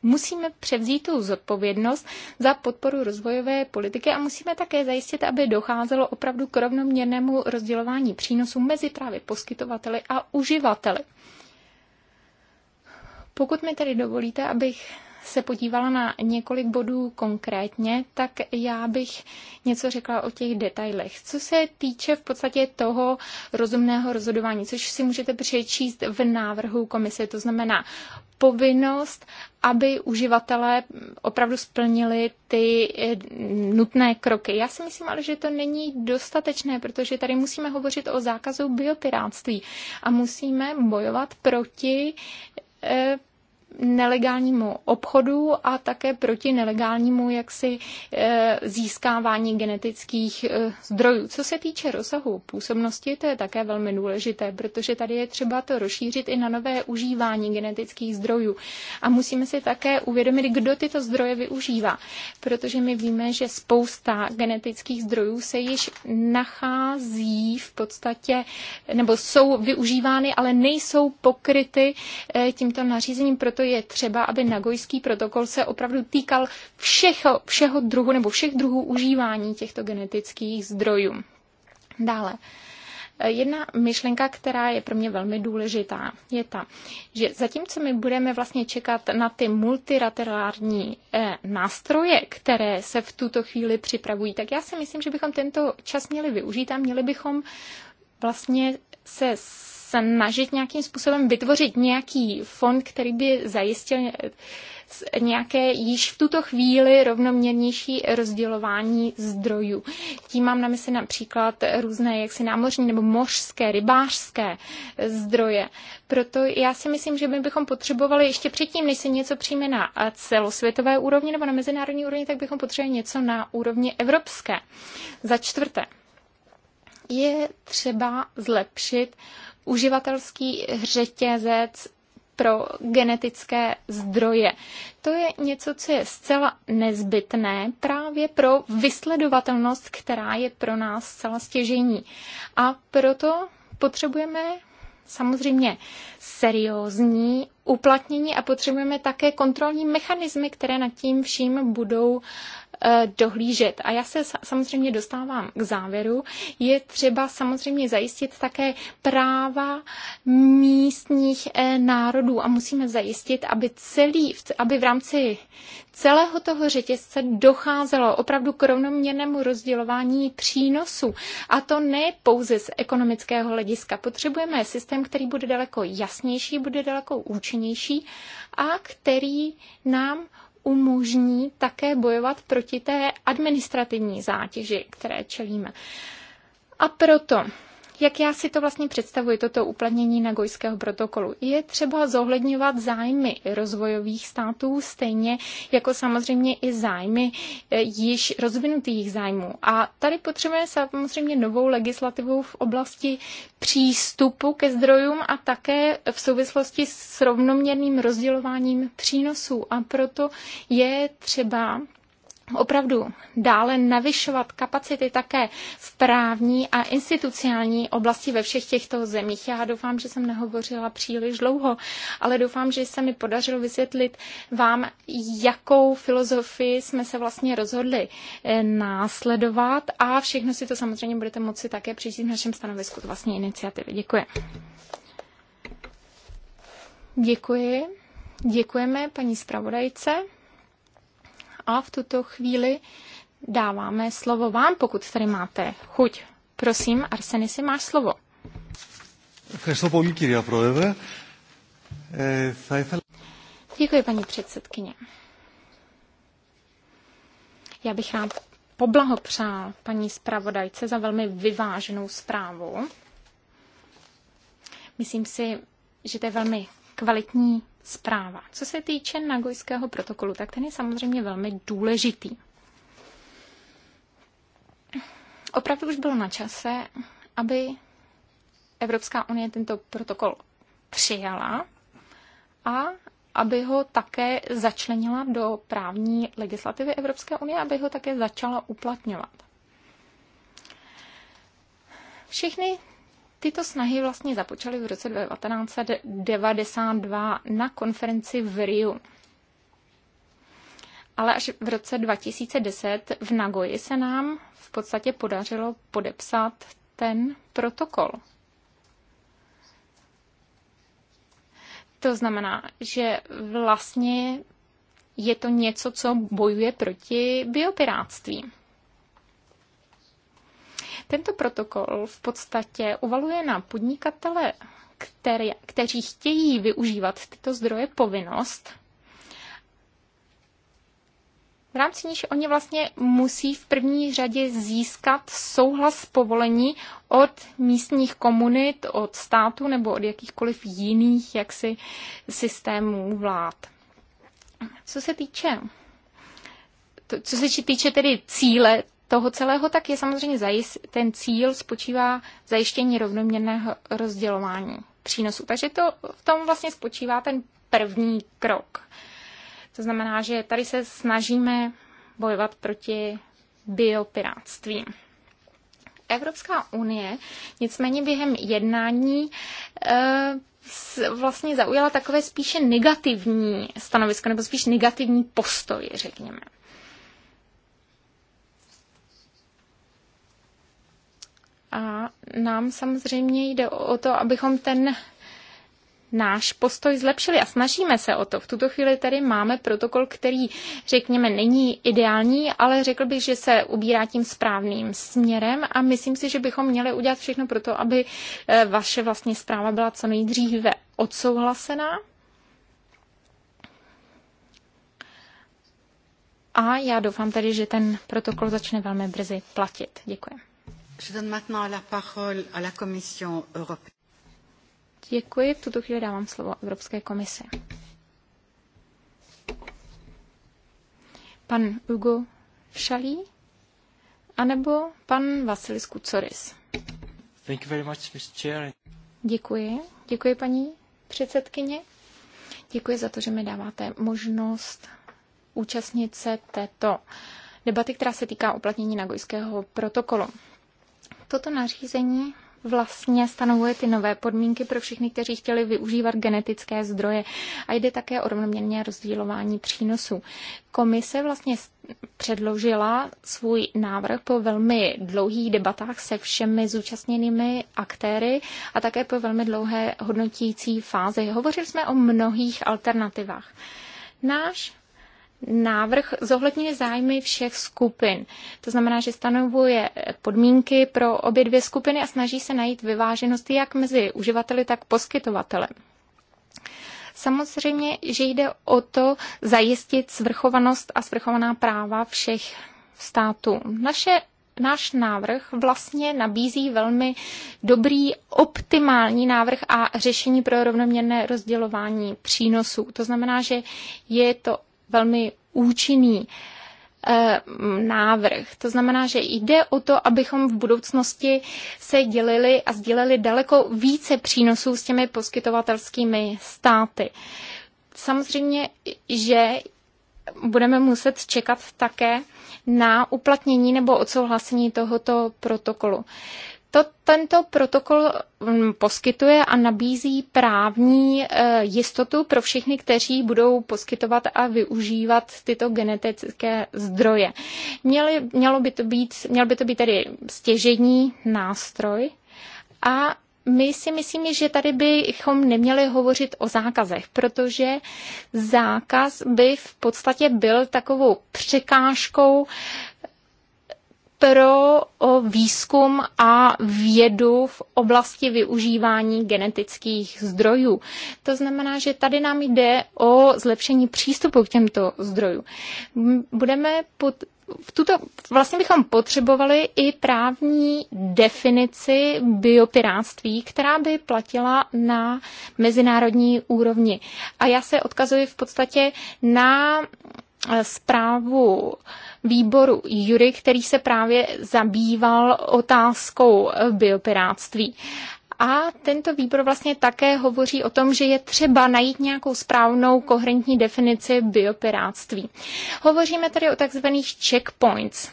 musíme převzít tu zodpovědnost za podporu rozvojové politiky a musíme také zajistit, aby docházelo opravdu k rovnoměrnému rozdělování přínosů mezi právě poskytovateli a uživateli. Pokud mi tedy dovolíte, abych se podívala na několik bodů konkrétně, tak já bych něco řekla o těch detailech. Co se týče v podstatě toho rozumného rozhodování, což si můžete přečíst v návrhu komise, to znamená povinnost, aby uživatelé opravdu splnili ty eh, nutné kroky. Já si myslím ale, že to není dostatečné, protože tady musíme hovořit o zákazu biopiráctví a musíme bojovat proti eh, nelegálnímu obchodu a také proti nelegálnímu jaksi eh, získávání genetických eh, zdrojů. Co se týče rozsahu působnosti, to je také velmi důležité, protože tady je třeba to rozšířit i na nové užívání genetických zdrojů. A musíme si také uvědomit, kdo tyto zdroje využívá, protože my víme, že spousta genetických zdrojů se již nachází v podstatě, nebo jsou využívány, ale nejsou pokryty eh, tímto nařízením, proto proto je třeba, aby Nagojský protokol se opravdu týkal všeho, všeho druhu nebo všech druhů užívání těchto genetických zdrojů. Dále. Jedna myšlenka, která je pro mě velmi důležitá, je ta, že zatímco my budeme vlastně čekat na ty multilaterální eh, nástroje, které se v tuto chvíli připravují, tak já si myslím, že bychom tento čas měli využít a měli bychom vlastně se snažit nějakým způsobem vytvořit nějaký fond, který by zajistil eh, nějaké již v tuto chvíli rovnoměrnější rozdělování zdrojů. Tím mám na mysli například různé jaksi námořní nebo mořské, rybářské eh, zdroje. Proto já si myslím, že my bychom potřebovali ještě předtím, než se něco přijme na eh, celosvětové úrovni nebo na mezinárodní úrovni, tak bychom potřebovali něco na úrovni evropské. Za čtvrté, je třeba zlepšit uh, uživatelský řetězec pro genetické zdroje. To je něco, co je zcela nezbytné právě pro vysledovatelnost, která je pro nás zcela stěžení. A proto potřebujeme samozřejmě seriózní uplatnění a potřebujeme také kontrolní mechanismy, které nad tím vším budou Eh, dohlížet. A já se samozřejmě dostávám k závěru. Je třeba samozřejmě zajistit také práva místních eh, národů a musíme zajistit, aby celý, aby v rámci celého toho řetězce docházelo opravdu k rovnoměrnému rozdělování přínosů. A to ne pouze z ekonomického hlediska. Potřebujeme systém, který bude daleko jasnější, bude daleko účinnější a který nám umožní také bojovat proti té administrativní zátěži, které čelíme. A proto jak já si to vlastně představuji, toto uplatnění Nagojského protokolu. Je třeba zohledňovat zájmy rozvojových států, stejně jako samozřejmě i zájmy eh, již rozvinutých zájmů. A tady potřebujeme samozřejmě novou legislativu v oblasti přístupu ke zdrojům a také v souvislosti s rovnoměrným rozdělováním přínosů. A proto je třeba opravdu dále navyšovat kapacity také v právní a institucionální oblasti ve všech těchto zemích. Já doufám, že jsem nehovořila příliš dlouho, ale doufám, že se mi podařilo vysvětlit vám, jakou filozofii jsme se vlastně rozhodli eh, následovat a všechno si to samozřejmě budete moci také přečíst v našem stanovisku vlastní iniciativy. Děkuji. Děkuji. Děkujeme paní zpravodajce a v tuto chvíli dáváme slovo vám, pokud tady máte chuť. Prosím, si máš slovo. Děkuji, paní předsedkyně. Já bych rád poblahopřál paní zpravodajce za velmi vyváženou zprávu. Myslím si, že to je velmi kvalitní zpráva. Co se týče Nagojského protokolu, tak ten je samozřejmě velmi důležitý. Opravdu už bylo na čase, aby Evropská unie tento protokol přijala a aby ho také začlenila do právní legislativy Evropské unie, aby ho také začala uplatňovat. Všechny Tyto snahy vlastně započaly v roce 1992 na konferenci v Riu. Ale až v roce 2010 v Nagoji se nám v podstatě podařilo podepsat ten protokol. To znamená, že vlastně je to něco, co bojuje proti biopiráctví. Tento protokol v podstatě uvaluje na podnikatele, který, kteří chtějí využívat tyto zdroje povinnost, v rámci níž oni vlastně musí v první řadě získat souhlas povolení od místních komunit, od státu nebo od jakýchkoliv jiných jaksi systémů vlád. Co se týče co se týče tedy cíle toho celého, tak je samozřejmě zajist, ten cíl spočívá v zajištění rovnoměrného rozdělování přínosu. Takže to, v tom vlastně spočívá ten první krok. To znamená, že tady se snažíme bojovat proti biopiráctví. Evropská unie nicméně během jednání e, vlastně zaujala takové spíše negativní stanovisko, nebo spíš negativní postoj, řekněme. A nám samozřejmě jde o to, abychom ten náš postoj zlepšili a snažíme se o to. V tuto chvíli tady máme protokol, který, řekněme, není ideální, ale řekl bych, že se ubírá tím správným směrem a myslím si, že bychom měli udělat všechno pro to, aby eh, vaše vlastní zpráva byla co nejdříve odsouhlasená. A já doufám tedy, že ten protokol začne velmi brzy platit. Děkuji. Je donne Děkuji. V tuto chvíli dávám slovo Evropské komisi. Pan Ugo Šalí anebo pan Vasilis Kucoris. Thank you very much, Mr. Chair. Děkuji. Děkuji, paní předsedkyně. Děkuji za to, že mi dáváte možnost účastnit se této debaty, která se týká uplatnění Nagojského protokolu. Toto nařízení vlastně stanovuje ty nové podmínky pro všechny, kteří chtěli využívat genetické zdroje a jde také o rovnoměrné rozdílování přínosů. Komise vlastně předložila svůj návrh po velmi dlouhých debatách se všemi zúčastněnými aktéry a také po velmi dlouhé hodnotící fázi. Hovořili jsme o mnohých alternativách. Náš návrh zohledňuje zájmy všech skupin. To znamená, že stanovuje podmínky pro obě dvě skupiny a snaží se najít vyváženost jak mezi uživateli, tak poskytovatelem. Samozřejmě, že jde o to zajistit svrchovanost a svrchovaná práva všech států. Naše náš návrh vlastně nabízí velmi dobrý, optimální návrh a řešení pro rovnoměrné rozdělování přínosů. To znamená, že je to velmi účinný eh, návrh. To znamená, že jde o to, abychom v budoucnosti se dělili a sdíleli daleko více přínosů s těmi poskytovatelskými státy. Samozřejmě, že budeme muset čekat také na uplatnění nebo odsouhlasení tohoto protokolu. To, tento protokol mm, poskytuje a nabízí právní eh, jistotu pro všechny, kteří budou poskytovat a využívat tyto genetické zdroje. Měli, mělo by to být, měl by to být tedy stěžení nástroj a my si myslíme, že tady bychom neměli hovořit o zákazech, protože zákaz by v podstatě byl takovou překážkou pro výzkum a vědu v oblasti využívání genetických zdrojů. To znamená, že tady nám jde o zlepšení přístupu k těmto zdrojům. Budeme pod, v tuto, vlastně bychom potřebovali i právní definici biopiráctví, která by platila na mezinárodní úrovni. A já se odkazuji v podstatě na Eh, zprávu výboru Jury, který se právě zabýval otázkou eh, biopiráctví. A tento výbor vlastně také hovoří o tom, že je třeba najít nějakou správnou koherentní definici biopiráctví. Hovoříme tady o takzvaných checkpoints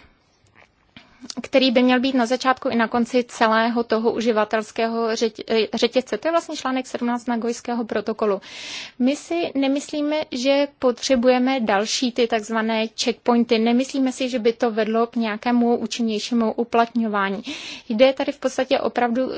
který by měl být na začátku i na konci celého toho uživatelského řetězce. To je vlastně článek 17 Nagojského protokolu. My si nemyslíme, že potřebujeme další ty takzvané checkpointy. Nemyslíme si, že by to vedlo k nějakému účinnějšímu uplatňování. Jde tady v podstatě opravdu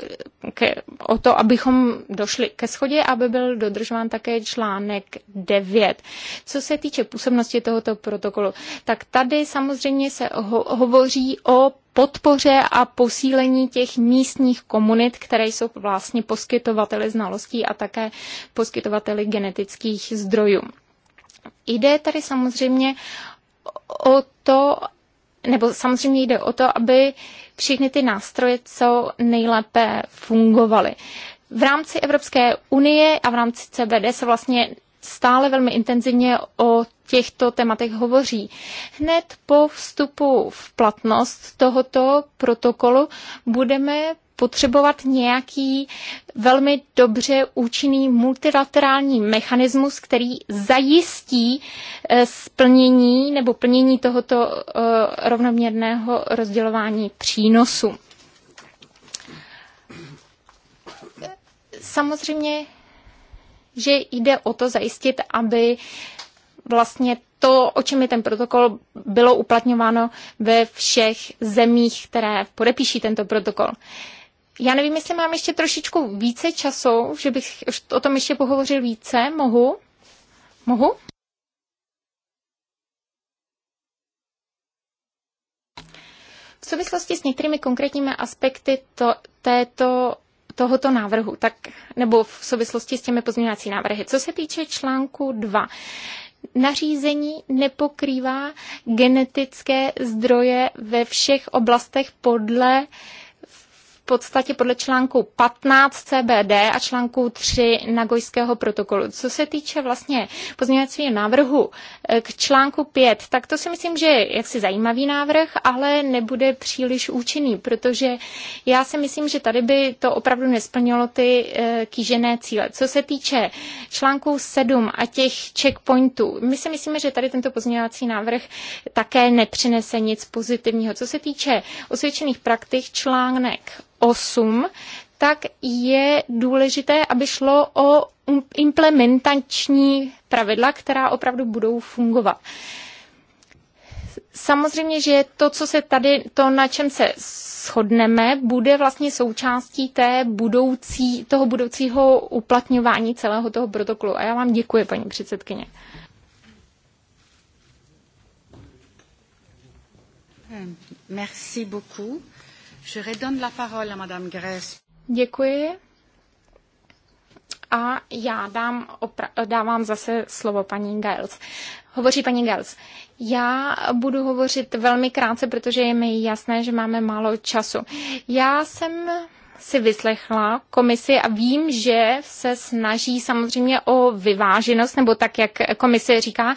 ke, o to, abychom došli ke schodě, aby byl dodržován také článek 9. Co se týče působnosti tohoto protokolu, tak tady samozřejmě se ho, hovoří o podpoře a posílení těch místních komunit, které jsou vlastně poskytovateli znalostí a také poskytovateli genetických zdrojů. Jde tady samozřejmě o to, nebo samozřejmě jde o to, aby všechny ty nástroje co nejlépe fungovaly. V rámci Evropské unie a v rámci CBD se vlastně stále velmi intenzivně o těchto tématech hovoří. Hned po vstupu v platnost tohoto protokolu budeme potřebovat nějaký velmi dobře účinný multilaterální mechanismus, který zajistí eh, splnění nebo plnění tohoto eh, rovnoměrného rozdělování přínosu. Samozřejmě že jde o to zajistit, aby vlastně to, o čem je ten protokol, bylo uplatňováno ve všech zemích, které podepíší tento protokol. Já nevím, jestli mám ještě trošičku více času, že bych o tom ještě pohovořil více. Mohu? Mohu? V souvislosti s některými konkrétními aspekty to, této tohoto návrhu, tak, nebo v souvislosti s těmi pozměňovací návrhy. Co se týče článku 2, nařízení nepokrývá genetické zdroje ve všech oblastech podle uh, podstatě podle článku 15 CBD a článku 3 Nagojského protokolu. Co se týče vlastně pozměňovacího návrhu eh, k článku 5, tak to si myslím, že je jaksi zajímavý návrh, ale nebude příliš účinný, protože já si myslím, že tady by to opravdu nesplnilo ty eh, kýžené cíle. Co se týče článku 7 a těch checkpointů, my si myslíme, že tady tento pozměňovací návrh také nepřinese nic pozitivního. Co se týče osvědčených praktik, článek 8, tak je důležité, aby šlo o implementační pravidla, která opravdu budou fungovat. Samozřejmě, že to, co se tady, to, na čem se shodneme, bude vlastně součástí té budoucí, toho budoucího uplatňování celého toho protokolu. A já vám děkuji, paní předsedkyně. Merci beaucoup. Je redonne la parole à Madame Děkuji. A já dám, opra- dávám zase slovo paní Giles. Hovoří paní Giles. Já budu hovořit velmi krátce, protože je mi jasné, že máme málo času. Já jsem si vyslechla komisi a vím, že se snaží samozřejmě o vyváženost, nebo tak, jak komise říká,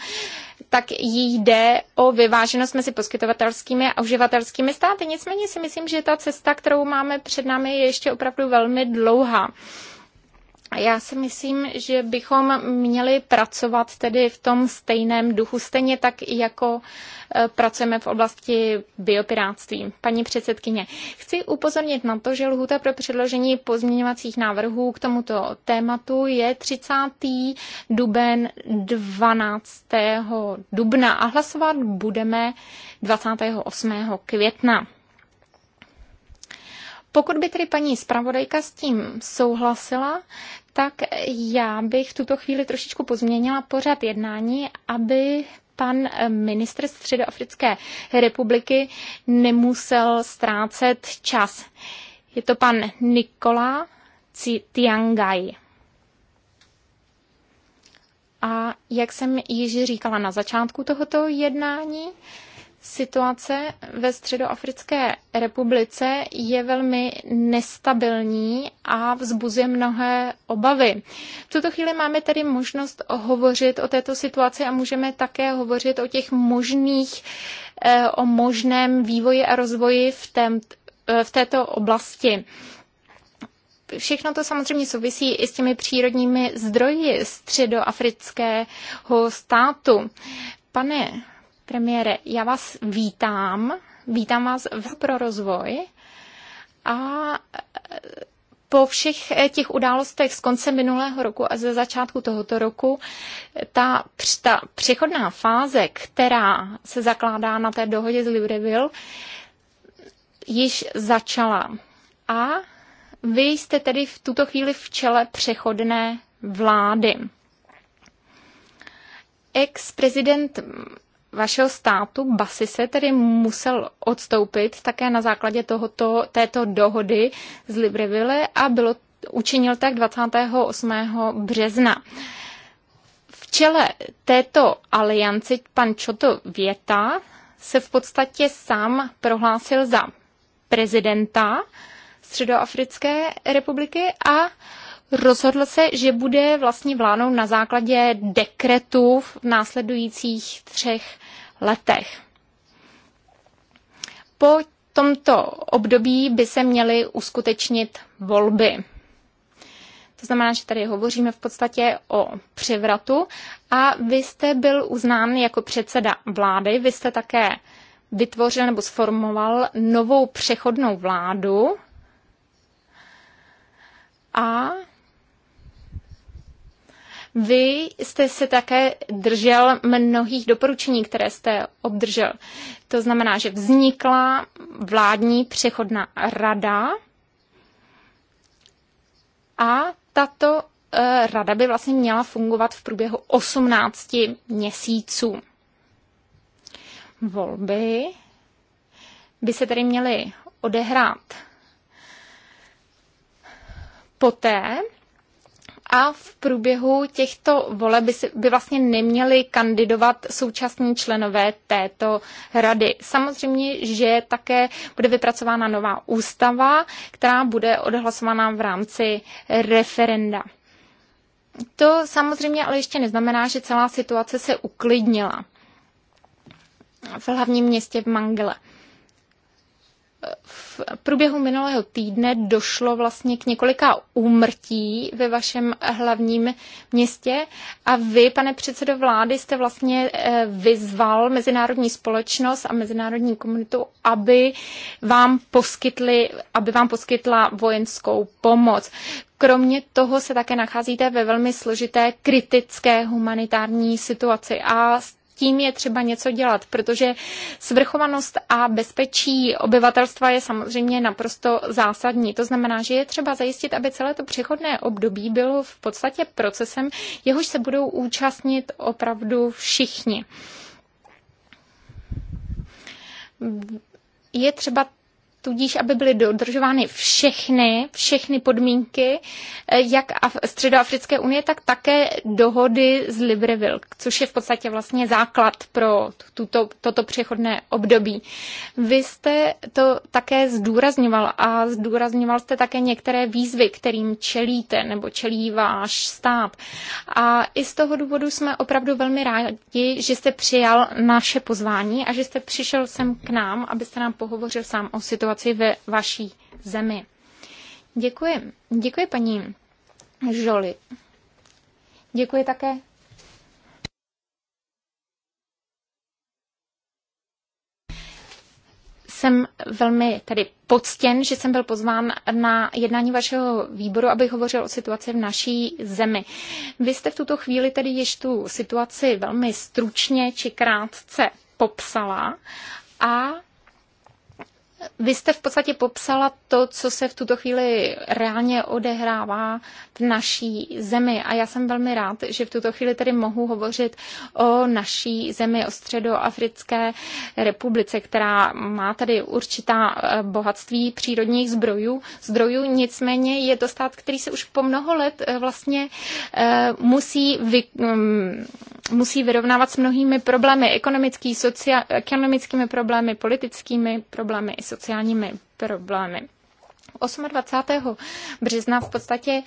tak jí jde o vyváženost mezi poskytovatelskými a uživatelskými státy. Nicméně si myslím, že ta cesta, kterou máme před námi, je ještě opravdu velmi dlouhá. Já si myslím, že bychom měli pracovat tedy v tom stejném duchu, stejně tak jako e, pracujeme v oblasti biopiráctví. Paní předsedkyně, chci upozornit na to, že lhuta pro předložení pozměňovacích návrhů k tomuto tématu je 30. duben 12. dubna a hlasovat budeme 28. května. Pokud by tedy paní zpravodajka s tím souhlasila, tak já bych v tuto chvíli trošičku pozměnila pořad jednání, aby pan ministr Středoafrické republiky nemusel ztrácet čas. Je to pan Nikola Tiangai. A jak jsem již říkala na začátku tohoto jednání, Situace ve Středoafrické republice je velmi nestabilní a vzbuzuje mnohé obavy. V tuto chvíli máme tedy možnost hovořit o této situaci a můžeme také hovořit o těch možných, eh, o možném vývoji a rozvoji v, tém, eh, v této oblasti všechno to samozřejmě souvisí i s těmi přírodními zdroji středoafrického státu. Pane premiére, já vás vítám, vítám vás v pro rozvoj a po všech eh, těch událostech z konce minulého roku a ze začátku tohoto roku, ta, ta přechodná fáze, která se zakládá na té dohodě z Libreville, již začala. A vy jste tedy v tuto chvíli v čele přechodné vlády. Ex-prezident vašeho státu Basy se tedy musel odstoupit také na základě tohoto, této dohody z Libreville a bylo, učinil tak 28. března. V čele této alianci pan Čoto Věta se v podstatě sám prohlásil za prezidenta Středoafrické republiky a rozhodl se, že bude vlastně vládnou na základě dekretu v následujících třech letech. Po tomto období by se měly uskutečnit volby. To znamená, že tady hovoříme v podstatě o převratu a vy jste byl uznán jako předseda vlády, vy jste také vytvořil nebo sformoval novou přechodnou vládu a vy jste se také držel mnohých doporučení, které jste obdržel. To znamená, že vznikla vládní přechodná rada a tato eh, rada by vlastně měla fungovat v průběhu 18 měsíců. Volby by se tedy měly odehrát poté, a v průběhu těchto voleb by, by vlastně neměli kandidovat současní členové této rady. Samozřejmě, že také bude vypracována nová ústava, která bude odhlasována v rámci referenda. To samozřejmě ale ještě neznamená, že celá situace se uklidnila v hlavním městě v Mangele v průběhu minulého týdne došlo vlastně k několika úmrtí ve vašem hlavním městě a vy, pane předsedo vlády, jste vlastně eh, vyzval mezinárodní společnost a mezinárodní komunitu, aby vám, poskytli, aby vám poskytla vojenskou pomoc. Kromě toho se také nacházíte ve velmi složité kritické humanitární situaci a tím je třeba něco dělat, protože svrchovanost a bezpečí obyvatelstva je samozřejmě naprosto zásadní. To znamená, že je třeba zajistit, aby celé to přechodné období bylo v podstatě procesem, jehož se budou účastnit opravdu všichni. Je třeba tudíž aby byly dodržovány všechny, všechny podmínky, eh, jak Středoafrické unie, tak také dohody z Libreville, což je v podstatě vlastně základ pro tuto, toto přechodné období. Vy jste to také zdůrazňoval a zdůrazňoval jste také některé výzvy, kterým čelíte nebo čelí váš stát. A i z toho důvodu jsme opravdu velmi rádi, že jste přijal naše pozvání a že jste přišel sem k nám, abyste nám pohovořil sám o situaci situaci ve vaší zemi. Děkuji. Děkuji paní Žoli. Děkuji také jsem velmi tedy poctěn, že jsem byl pozván na jednání vašeho výboru, abych hovořil o situaci v naší zemi. Vy jste v tuto chvíli tedy již tu situaci velmi stručně či krátce popsala a vy jste v podstatě popsala to, co se v tuto chvíli reálně odehrává v naší zemi. A já jsem velmi rád, že v tuto chvíli tady mohu hovořit o naší zemi, o Středoafrické republice, která má tady určitá eh, bohatství přírodních zdrojů. zdrojů. Nicméně je to stát, který se už po mnoho let eh, vlastně eh, musí, vy, mm, musí vyrovnávat s mnohými problémy ekonomický, sociál, ekonomickými problémy, politickými problémy, sociálními problémy. 28. března v podstatě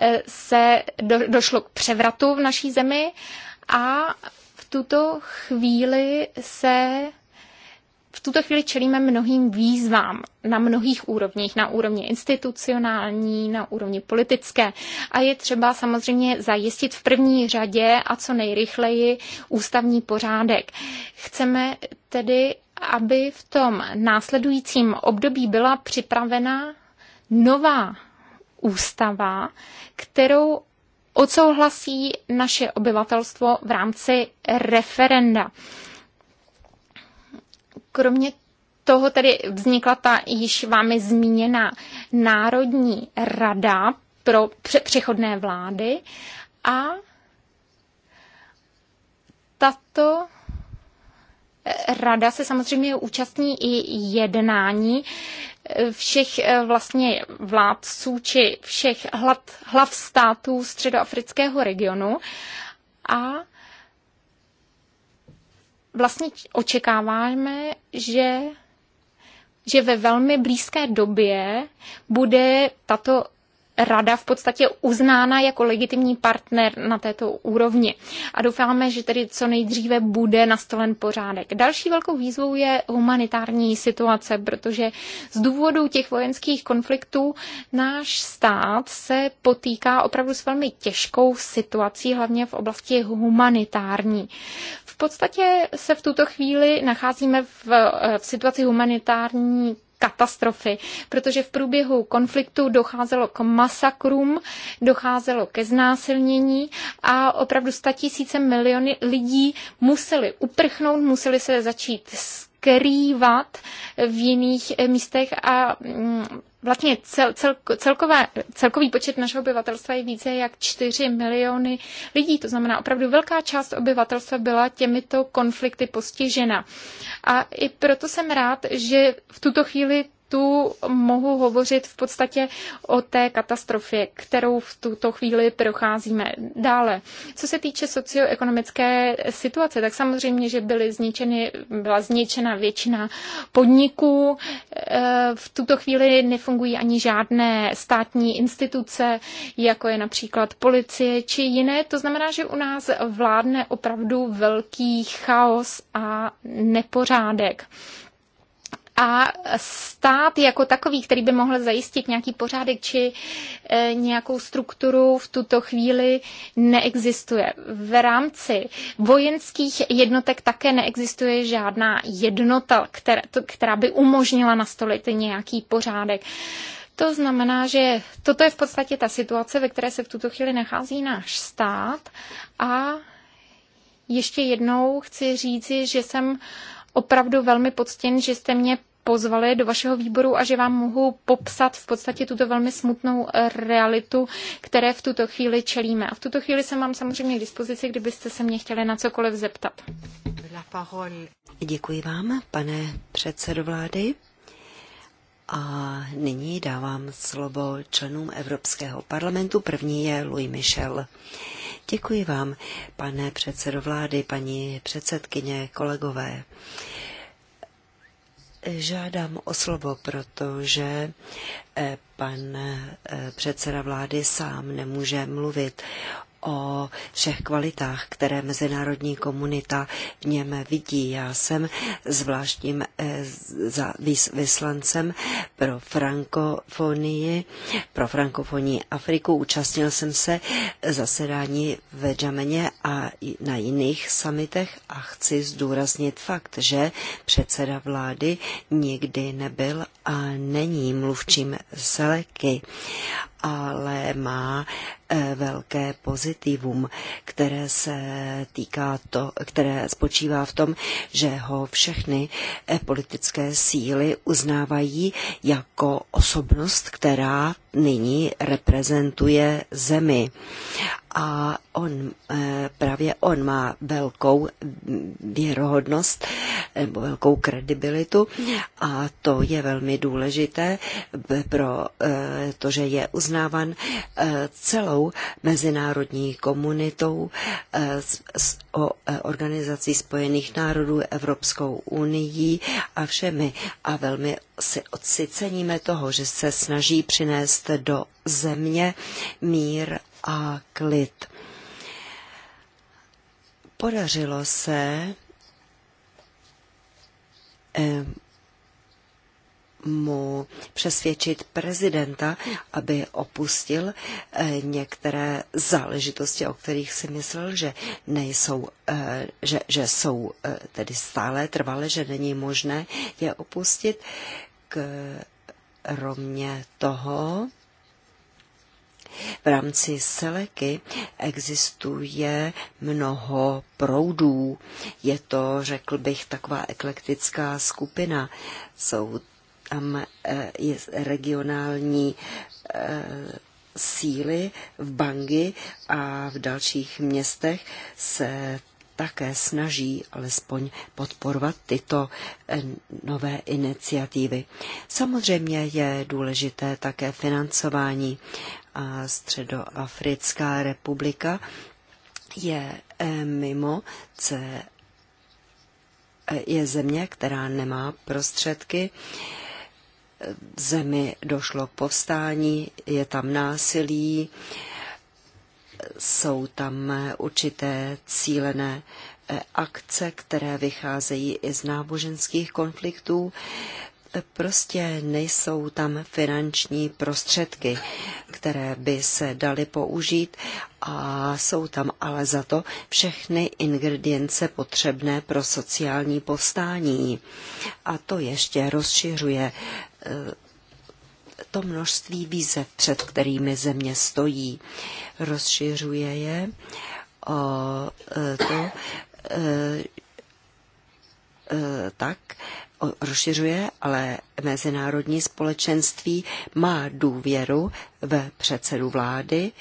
eh, se do, došlo k převratu v naší zemi a v tuto chvíli se v tuto chvíli čelíme mnohým výzvám na mnohých úrovních, na úrovni institucionální, na úrovni politické. A je třeba samozřejmě zajistit v první řadě a co nejrychleji ústavní pořádek. Chceme tedy aby v tom následujícím období byla připravena nová ústava, kterou odsouhlasí naše obyvatelstvo v rámci referenda. Kromě toho tedy vznikla ta již vámi zmíněná Národní rada pro přechodné vlády a tato rada se samozřejmě účastní i jednání všech eh, vlastně vládců či všech hlad, hlav států středoafrického regionu a vlastně očekáváme, že že ve velmi blízké době bude tato rada v podstatě uznána jako legitimní partner na této úrovni. A doufáme, že tedy co nejdříve bude nastolen pořádek. Další velkou výzvou je humanitární situace, protože z důvodu těch vojenských konfliktů náš stát se potýká opravdu s velmi těžkou situací, hlavně v oblasti humanitární. V podstatě se v tuto chvíli nacházíme v, v situaci humanitární katastrofy, protože v průběhu konfliktu docházelo k masakrům, docházelo ke znásilnění a opravdu tisíce miliony lidí museli uprchnout, museli se začít skrývat v jiných eh, místech a mm, vlastně cel, cel, celková, celkový počet našeho obyvatelstva je více jak 4 miliony lidí. To znamená, opravdu velká část obyvatelstva byla těmito konflikty postižena. A i proto jsem rád, že v tuto chvíli tu mohu hovořit v podstatě o té katastrofě, kterou v tuto chvíli procházíme. Dále, co se týče socioekonomické situace, tak samozřejmě, že byly zničeny, byla zničena většina podniků. E, v tuto chvíli nefungují ani žádné státní instituce, jako je například policie či jiné. To znamená, že u nás vládne opravdu velký chaos a nepořádek a stát jako takový, který by mohl zajistit nějaký pořádek či e, nějakou strukturu v tuto chvíli neexistuje. V rámci vojenských jednotek také neexistuje žádná jednota, která, která by umožnila nastolit nějaký pořádek. To znamená, že toto je v podstatě ta situace, ve které se v tuto chvíli nachází náš stát a ještě jednou chci říci, že jsem opravdu velmi poctěn, že jste mě pozvali do vašeho výboru a že vám mohu popsat v podstatě tuto velmi smutnou eh, realitu, které v tuto chvíli čelíme. A v tuto chvíli jsem vám samozřejmě k dispozici, kdybyste se mě chtěli na cokoliv zeptat. Děkuji vám, pane předsedo vlády. A nyní dávám slovo členům Evropského parlamentu. První je Louis Michel. Děkuji vám, pane předsedo vlády, paní předsedkyně, kolegové. Žádám o slovo, protože eh, pan eh, předseda vlády sám nemůže mluvit o všech kvalitách, které mezinárodní komunita v něm vidí. Já jsem zvláštním eh, vyslancem pro frankofonii, pro frankofonii Afriku. Účastnil jsem se zasedání ve Džameně a na jiných samitech a chci zdůraznit fakt, že předseda vlády nikdy nebyl a není mluvčím Seleky ale má eh, velké pozitivum, které se týká to, které spočívá v tom, že ho všechny eh, politické síly uznávají jako osobnost, která nyní reprezentuje zemi a on, eh, právě on má velkou věrohodnost eh, nebo velkou kredibilitu a to je velmi důležité pro eh, to, že je uznávan celou mezinárodní komunitou o Organizací spojených národů, Evropskou unii a všemi a velmi si odsyceníme toho, že se snaží přinést do země mír a klid. Podařilo se eh, mu přesvědčit prezidenta, aby opustil eh, některé záležitosti, o kterých si myslel, že nejsou, eh, že, že jsou tedy stále trvalé, že není možné je opustit. Kromě toho v rámci Seleky existuje mnoho proudů. Je to, řekl bych, taková eklektická skupina. Jsou tam eh, regionální eh, síly v Bangi a v dalších městech se také snaží alespoň podporovat tyto eh, nové iniciativy. Samozřejmě je důležité také financování a Středoafrická republika je eh, mimo C, eh, je země, která nemá prostředky. Zemi došlo k povstání, je tam násilí, jsou tam eh, určité cílené akce, které vycházejí i z náboženských konfliktů. Prostě nejsou tam finanční prostředky, které by se daly použít a jsou tam ale za to všechny ingredience potřebné pro sociální povstání. A to ještě rozšiřuje eh, to množství výzev, před kterými země stojí. Rozšiřuje je o eh, to, eh, tak, rozšiřuje, ale mezinárodní společenství má důvěru ve předsedu vlády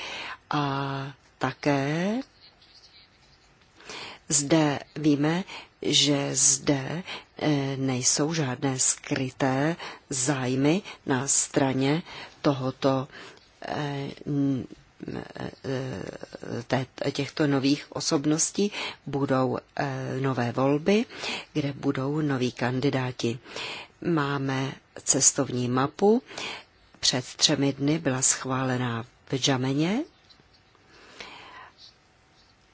a také zde víme, že zde eh, nejsou žádné skryté zájmy na straně tohoto eh, těchto nových osobností budou eh, nové volby, kde budou noví kandidáti. Máme cestovní mapu. Před třemi dny byla schválená v Džameně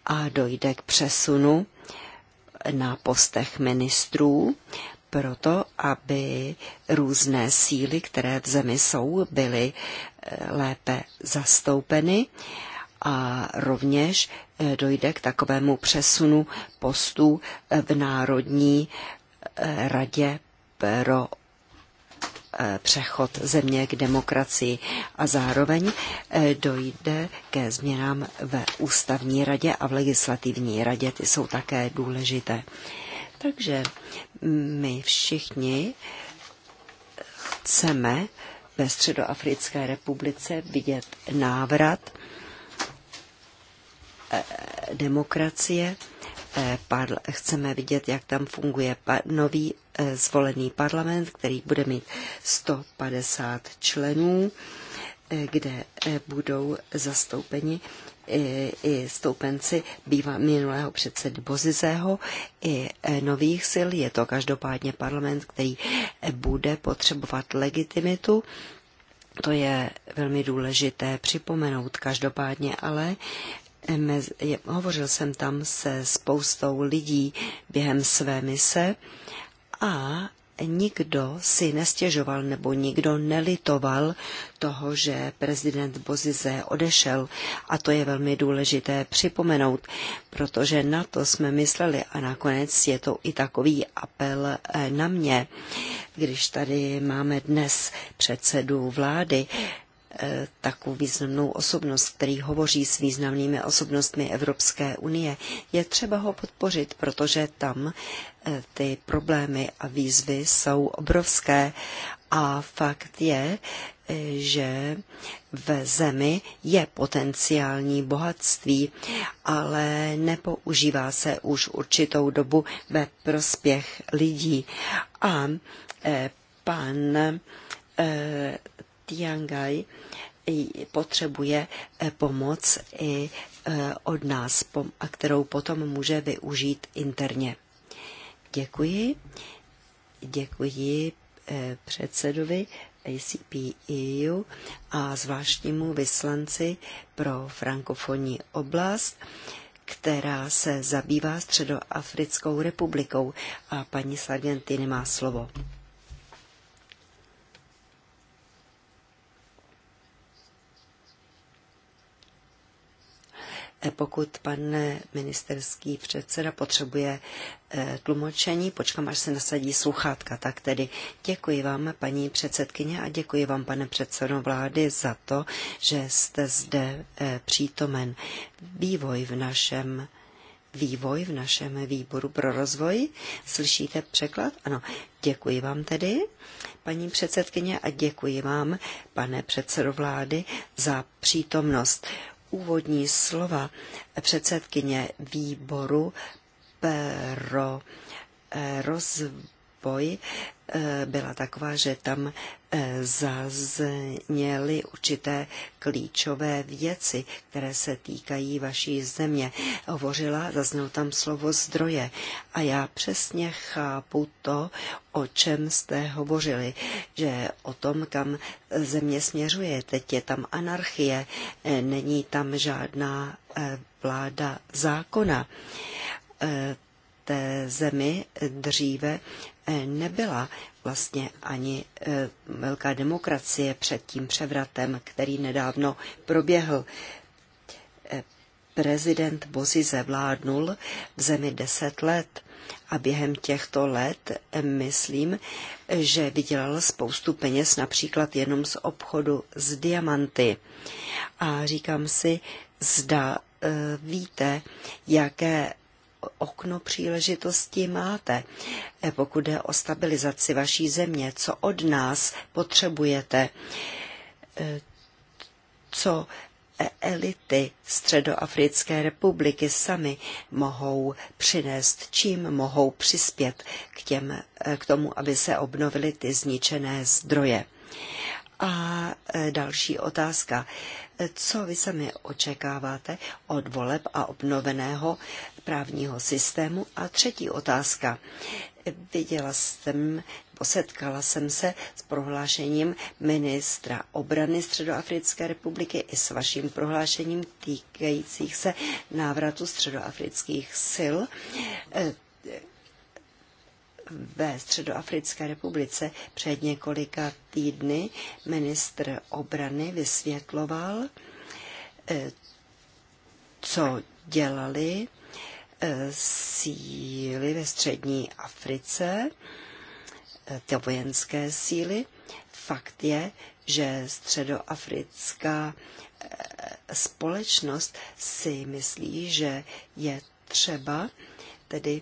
a dojde k přesunu na postech ministrů proto, aby různé síly, které v zemi jsou, byly eh, lépe zastoupeny a rovněž eh, dojde k takovému přesunu postů eh, v Národní radě pro přechod země k demokracii a zároveň dojde ke změnám ve ústavní radě a v legislativní radě, ty jsou také důležité. Takže my všichni chceme ve Středoafrické republice vidět návrat eh, demokracie. Eh, chceme vidět, jak tam funguje nový eh, zvolený parlament, který bude mít 150 členů, kde budou zastoupeni i stoupenci bývá minulého předsedy Bozizeho i e, nových sil. Je to každopádně parlament, který e, bude potřebovat legitimitu. To je velmi důležité připomenout. Každopádně ale e, je, hovořil jsem tam se spoustou lidí během své mise a nikdo si nestěžoval nebo nikdo nelitoval toho, že prezident Bozize odešel. A to je velmi důležité připomenout, protože na to jsme mysleli a nakonec je to i takový apel eh, na mě. Když tady máme dnes předsedu vlády, Eh, takovou významnou osobnost, který hovoří s významnými osobnostmi Evropské unie. Je třeba ho podpořit, protože tam eh, ty problémy a výzvy jsou obrovské a fakt je, eh, že v zemi je potenciální bohatství, ale nepoužívá se už určitou dobu ve prospěch lidí. A pan Tiangai potřebuje eh, pomoc i eh, od nás, a kterou potom může využít interně. Děkuji. Děkuji eh, předsedovi ACPEU a zvláštnímu vyslanci pro frankofonní oblast, která se zabývá Středoafrickou republikou. A paní Sargentiny má slovo. E, pokud pan ministerský předseda potřebuje e, tlumočení, počkám, až se nasadí sluchátka. Tak tedy děkuji vám, paní předsedkyně, a děkuji vám, pane předsedo vlády, za to, že jste zde e, přítomen. Vývoj v našem vývoj v našem výboru pro rozvoj. Slyšíte překlad? Ano, děkuji vám tedy, paní předsedkyně, a děkuji vám, pane předsedo vlády, za přítomnost úvodní slova předsedkyně výboru pro eh, rozvoj Eh, byla taková, že tam eh, zazněly určité klíčové věci, které se týkají vaší země. Hovořila, zaznělo tam slovo zdroje a já přesně chápu to, o čem jste hovořili, že o tom, kam země směřuje. Teď je tam anarchie, eh, není tam žádná vláda zákona té zemi dříve eh, nebyla vlastně ani eh, velká demokracie před tím převratem, který nedávno proběhl. Eh, prezident Bozize vládnul v zemi deset let a během těchto let myslím, že vydělal spoustu peněz například jenom z obchodu s diamanty. A říkám si, zda víte, jaké okno příležitosti máte, eh, pokud jde o stabilizaci vaší země, co od nás potřebujete, eh, co e- elity Středoafrické republiky sami mohou přinést, čím mohou přispět k, těm, eh, k tomu, aby se obnovily ty zničené zdroje. A e, další otázka. E, co vy sami očekáváte od voleb a obnoveného právního systému? A třetí otázka. E, viděla jsem, posetkala jsem se s prohlášením ministra obrany Středoafrické republiky i s vaším prohlášením týkajících se návratu středoafrických sil ve Středoafrické republice před několika týdny ministr obrany vysvětloval, eh, co dělali eh, síly ve střední Africe, eh, ty vojenské síly. Fakt je, že středoafrická společnost si myslí, že je třeba tedy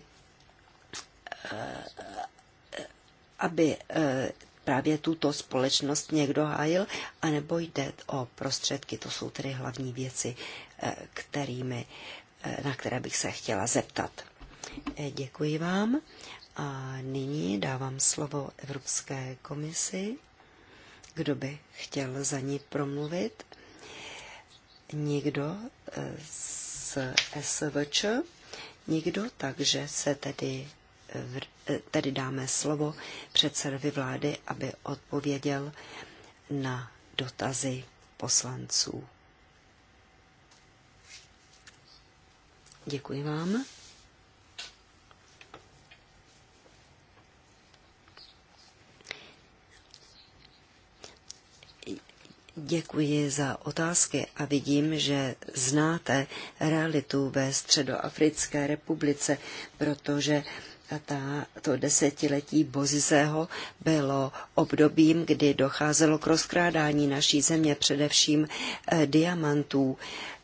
aby eh, právě tuto společnost někdo hájil, anebo jde o prostředky. To jsou tedy hlavní věci, eh, kterými, eh, na které bych se chtěla zeptat. Děkuji vám a nyní dávám slovo Evropské komisi. Kdo by chtěl za ní promluvit? Nikdo z SVČ? Nikdo, takže se tedy Eh, tedy dáme slovo předsedovi vlády, aby odpověděl na dotazy poslanců. Děkuji vám. Děkuji za otázky a vidím, že znáte realitu ve Středoafrické republice, protože ta, to desetiletí Bozizeho bylo obdobím, kdy docházelo k rozkrádání naší země, především eh, diamantů.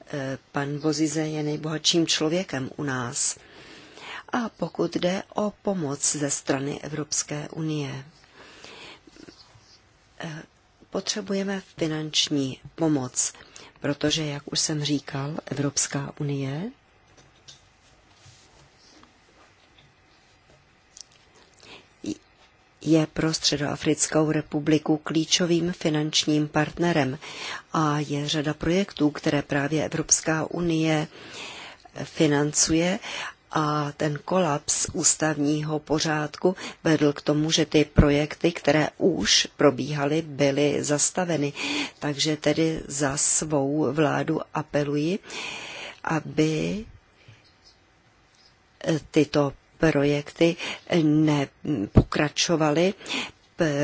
Eh, pan Bozize je nejbohatším člověkem u nás. A pokud jde o pomoc ze strany Evropské unie, eh, potřebujeme finanční pomoc, protože, jak už jsem říkal, Evropská unie je pro Středoafrickou republiku klíčovým finančním partnerem a je řada projektů, které právě Evropská unie financuje a ten kolaps ústavního pořádku vedl k tomu, že ty projekty, které už probíhaly, byly zastaveny. Takže tedy za svou vládu apeluji, aby tyto projekty nepokračovaly,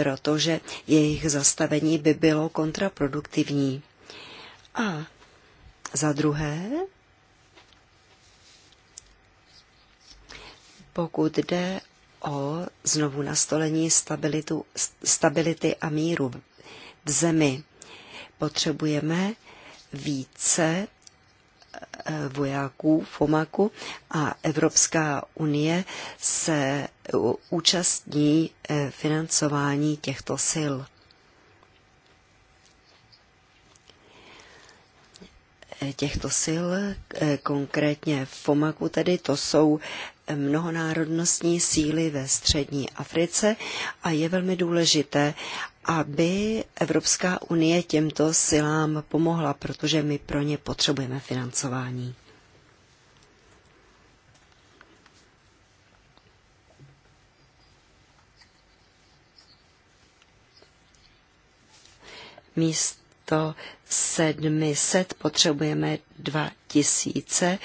protože jejich zastavení by bylo kontraproduktivní. A za druhé, pokud jde o znovu nastolení stabilitu, stability a míru v zemi, potřebujeme více vojáků FOMAKu a Evropská unie se účastní eh, financování těchto sil. Eh, těchto sil, eh, konkrétně v FOMAKu tedy, to jsou mnohonárodnostní síly ve střední Africe a je velmi důležité, aby Evropská unie těmto silám pomohla, protože my pro ně potřebujeme financování. Místo 700 potřebujeme tisíce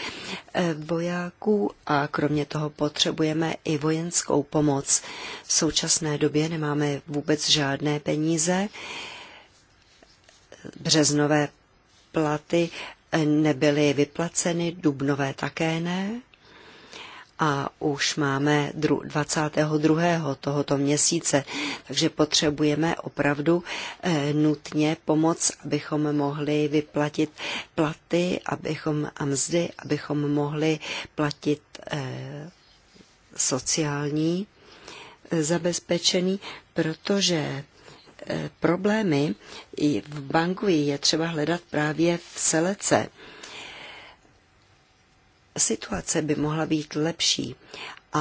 eh, vojáků a kromě toho potřebujeme i vojenskou pomoc. V současné době nemáme vůbec žádné peníze. Březnové platy eh, nebyly vyplaceny, dubnové také ne a už máme 22. tohoto měsíce, takže potřebujeme opravdu eh, nutně pomoc, abychom mohli vyplatit platy, abychom a mzdy, abychom mohli platit eh, sociální eh, zabezpečení, protože problémy v banku je třeba hledat právě v Selece situace by mohla být lepší a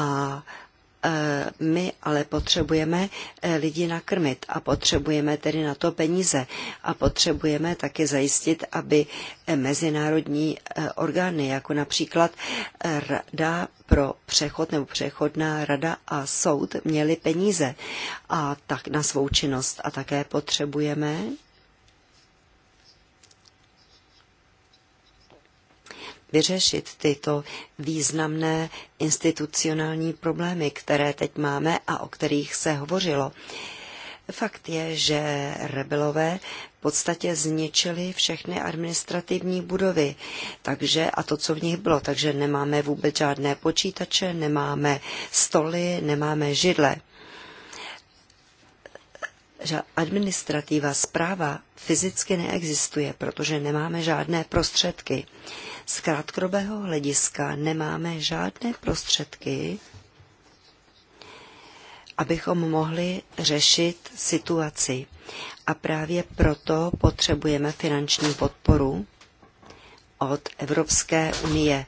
e, my ale potřebujeme e, lidi nakrmit a potřebujeme tedy na to peníze a potřebujeme také zajistit, aby e, mezinárodní orgány, jako například Rada pro přechod nebo přechodná rada a soud, měly peníze a tak na svou činnost a také potřebujeme vyřešit tyto významné institucionální problémy, které teď máme a o kterých se hovořilo. Fakt je, že rebelové v podstatě zničili všechny administrativní budovy takže, a to, co v nich bylo. Takže nemáme vůbec žádné počítače, nemáme stoly, nemáme židle. Administrativa, zpráva fyzicky neexistuje, protože nemáme žádné prostředky. Z krátkodobého hlediska nemáme žádné prostředky, abychom mohli řešit situaci. A právě proto potřebujeme finanční podporu od Evropské unie.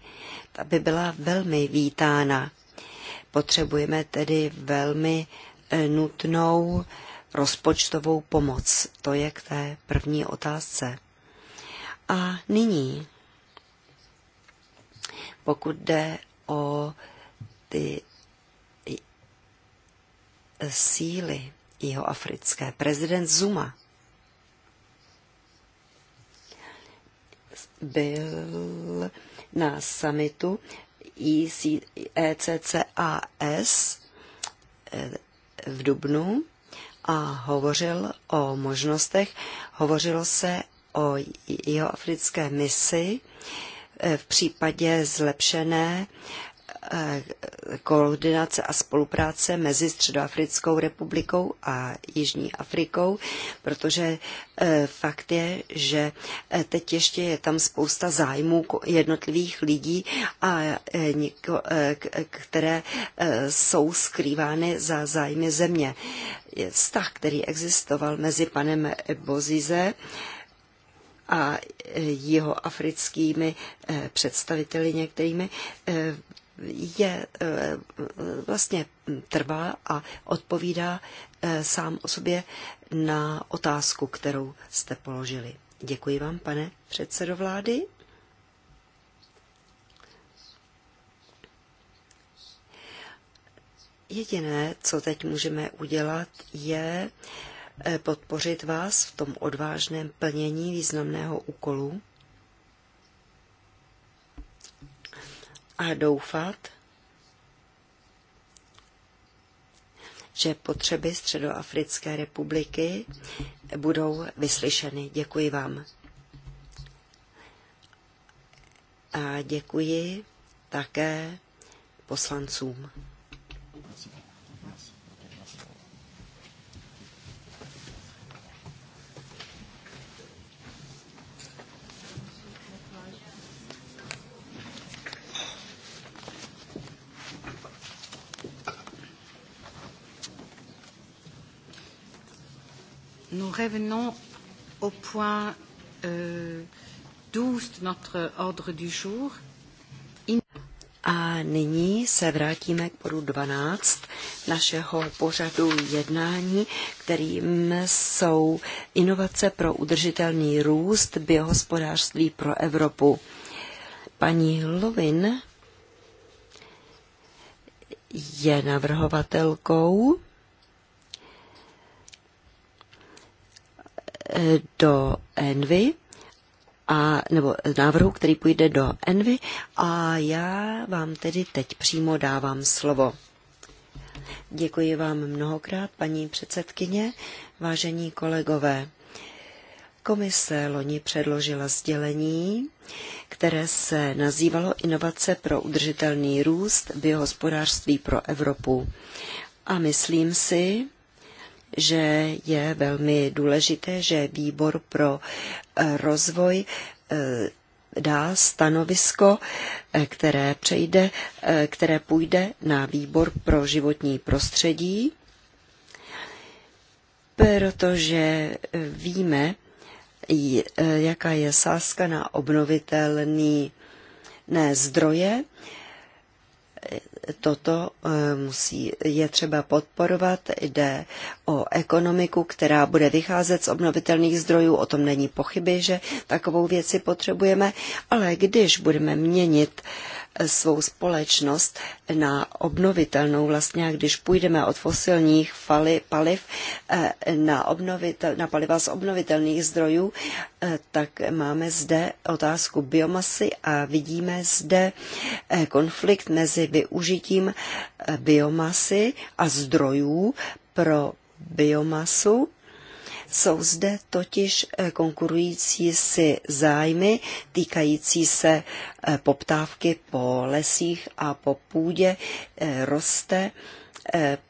aby byla velmi vítána. Potřebujeme tedy velmi e, nutnou rozpočtovou pomoc. To je k té první otázce. A nyní pokud jde o ty síly jeho africké. prezident Zuma byl na summitu ECCAS eh, v Dubnu a hovořil o možnostech. Hovořilo se o jeho africké misi, Eh, v případě zlepšené eh, koordinace a spolupráce mezi Středoafrickou republikou a Jižní Afrikou, protože eh, fakt je, že teď ještě je tam spousta zájmů jednotlivých lidí, a které jsou skrývány za zájmy země. Vztah, který existoval mezi panem Bozize, a jihoafrickými eh, představiteli některými, eh, je eh, vlastně trvá a odpovídá sám o sobě na otázku, kterou jste položili. Děkuji vám, pane předsedo vlády. Jediné, co teď můžeme udělat, je eh, Eh, podpořit vás v tom odvážném plnění významného úkolu a doufat, že potřeby Středoafrické republiky budou vyslyšeny. Děkuji vám. A děkuji také poslancům. Nous revenons au point euh, 12 de notre ordre du jour. In... A nyní se vrátíme k bodu 12 našeho pořadu jednání, kterým jsou inovace pro udržitelný růst biohospodářství pro Evropu. Paní Lovin je navrhovatelkou do Envy, a, nebo návrhu, který půjde do Envy a já vám tedy teď přímo dávám slovo. Děkuji vám mnohokrát, paní předsedkyně, vážení kolegové. Komise loni předložila sdělení, které se nazývalo Inovace pro udržitelný růst biohospodářství pro Evropu. A myslím si, že je velmi důležité, že výbor pro eh, rozvoj eh, dá stanovisko, eh, které, přejde, které půjde na výbor pro životní prostředí, protože víme, jaká je sázka na obnovitelné zdroje, toto eh, musí, je třeba podporovat. Jde o ekonomiku, která bude vycházet z obnovitelných zdrojů. O tom není pochyby, že takovou věci potřebujeme, ale když budeme měnit uh, svou společnost na obnovitelnou vlastně, a když půjdeme od fosilních fali, paliv eh, na, obnovitel, na paliva z obnovitelných zdrojů, eh, tak máme zde otázku biomasy a vidíme zde eh, konflikt mezi využitím biomasy a zdrojů pro biomasu jsou zde totiž eh, konkurující si zájmy týkající se eh, poptávky po lesích a po půdě eh, roste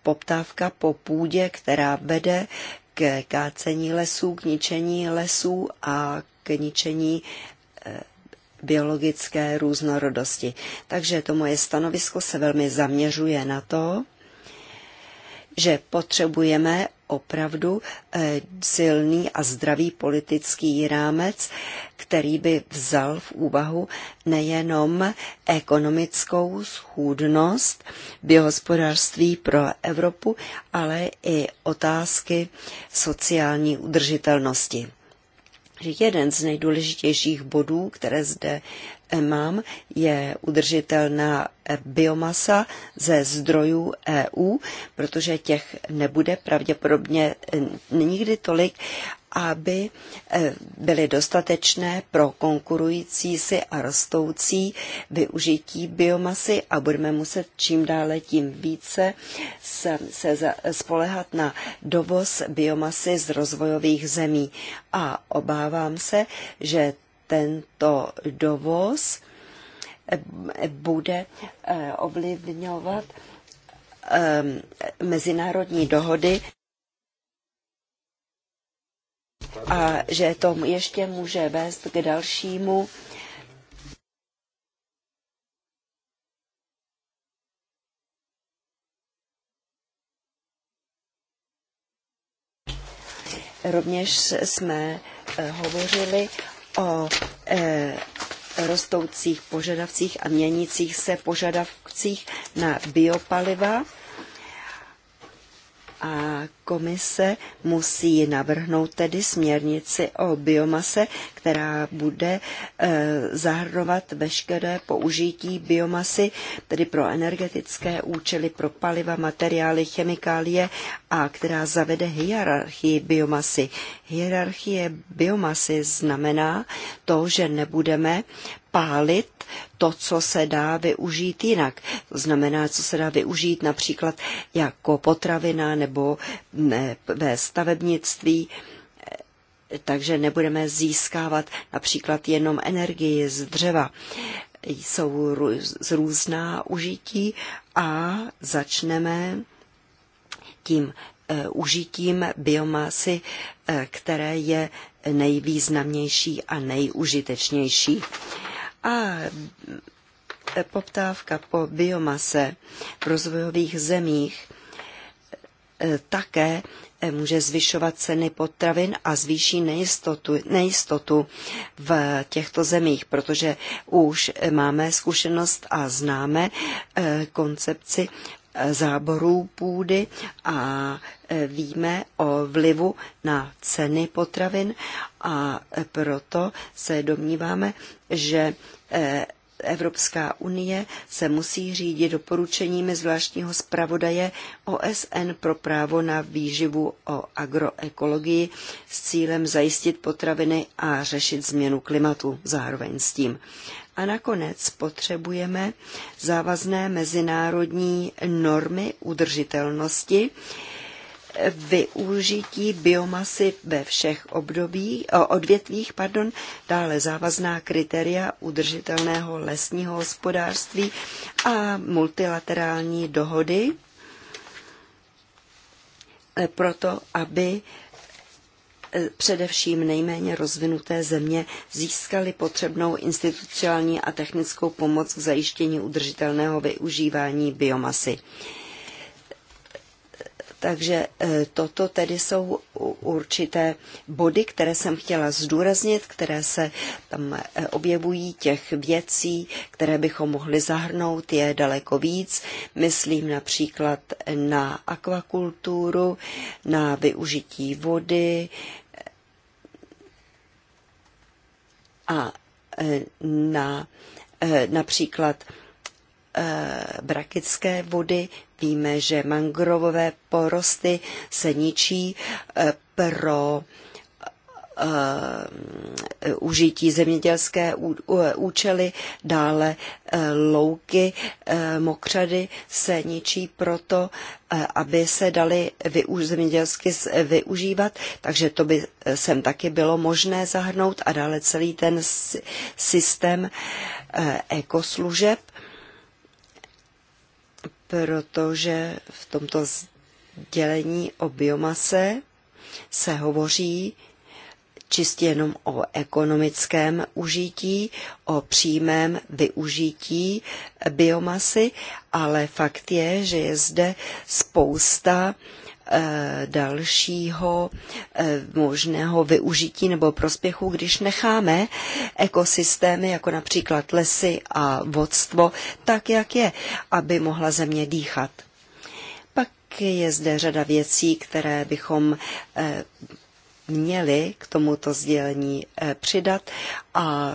poptávka po půdě, která vede k kácení lesů, k ničení lesů a k ničení biologické různorodosti. Takže to moje stanovisko se velmi zaměřuje na to, že potřebujeme opravdu eh, silný a zdravý politický rámec, který by vzal v úvahu nejenom ekonomickou schůdnost biohospodářství pro Evropu, ale i otázky sociální udržitelnosti. Jeden z nejdůležitějších bodů, které zde mám, je udržitelná biomasa ze zdrojů EU, protože těch nebude pravděpodobně eh, nikdy tolik, aby eh, byly dostatečné pro konkurující si a rostoucí využití biomasy a budeme muset čím dále tím více se, se spolehat na dovoz biomasy z rozvojových zemí. A obávám se, že tento dovoz eh, bude eh, ovlivňovat eh, mezinárodní dohody a že to ještě může vést k dalšímu Rovněž jsme hovořili o e, rostoucích požadavcích a měnících se požadavcích na biopaliva a komise musí navrhnout tedy směrnici o biomase, která bude e, zahrnovat veškeré použití biomasy, tedy pro energetické účely, pro paliva, materiály, chemikálie a která zavede hierarchii biomasy. Hierarchie biomasy znamená to, že nebudeme pálit to, co se dá využít jinak. To znamená, co se dá využít například jako potravina nebo mm, eh, ve stavebnictví eh, takže nebudeme získávat například jenom energii z dřeva. Jsou z různá užití a začneme tím eh, užitím biomasy, které je nejvýznamnější a nejužitečnější a e, poptávka po biomase v rozvojových zemích e, také e, může zvyšovat ceny potravin a zvýší nejistotu, nejistotu v těchto zemích, protože už máme zkušenost a známe koncepci záborů půdy a e, víme o vlivu na ceny potravin a proto se domníváme, že e, Evropská unie se musí řídit doporučeními zvláštního zpravodaje OSN pro právo na výživu o agroekologii s cílem zajistit potraviny a řešit změnu klimatu zároveň s tím. A nakonec potřebujeme závazné mezinárodní normy udržitelnosti, využití biomasy ve všech období, odvětvích, pardon, dále závazná kritéria udržitelného lesního hospodářství a multilaterální dohody e, proto, aby Především nejméně rozvinuté země získaly potřebnou institucionální a technickou pomoc k zajištění udržitelného využívání biomasy. Takže e, toto tedy jsou určité body, které jsem chtěla zdůraznit, které se tam e, objevují, těch věcí, které bychom mohli zahrnout, je daleko víc. Myslím například na akvakulturu, na využití vody, a e, na e, například e, brakické vody. Víme, že mangrovové porosty se ničí pro Eh, užití zemědělské účely, dále eh, louky, eh, mokřady se ničí proto, aby se daly využ, zemědělsky využívat, takže to by sem taky bylo možné zahrnout a dále celý ten systém ekoslužeb, protože v tomto dělení o biomase se hovoří čistě jenom o ekonomickém užití, o přímém využití biomasy, ale fakt je, že je zde spousta eh, dalšího eh, možného využití nebo prospěchu, když necháme ekosystémy, jako například lesy a vodstvo, tak, jak je, aby mohla země dýchat. Pak je zde řada věcí, které bychom eh, měli k tomuto sdělení eh, přidat a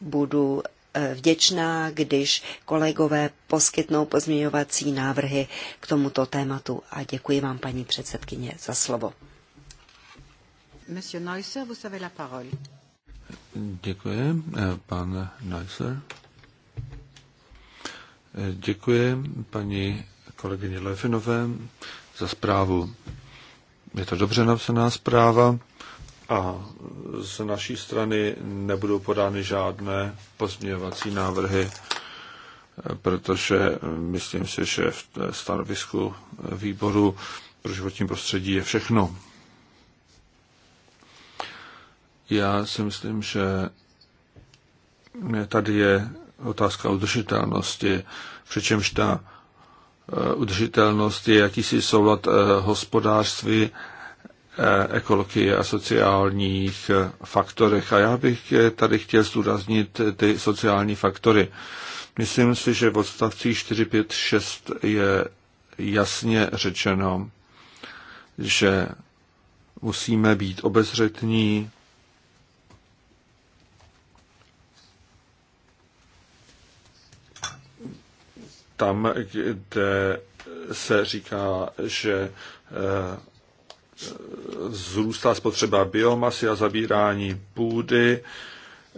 budu eh, vděčná, když kolegové poskytnou pozměňovací návrhy k tomuto tématu a děkuji vám, paní předsedkyně, za slovo. Monsieur Neusser, vous avez la parole. Děkuji, eh, pan Neusser. Děkuji paní kolegyně Lefinové za zprávu. Je to dobře napsaná zpráva a z naší strany nebudou podány žádné pozměňovací návrhy, protože myslím si, že v stanovisku výboru pro životní prostředí je všechno. Já si myslím, že tady je otázka udržitelnosti, přičemž ta Eh, udržitelnost je jakýsi soulad eh, hospodářství, eh, ekologie a sociálních faktorech. A já bych tady chtěl zdůraznit ty sociální faktory. Myslím si, že v odstavcích 4, 5, 6 je jasně řečeno, že musíme být obezřetní, tam, kde se říká, že eh, zrůstá spotřeba biomasy a zabírání půdy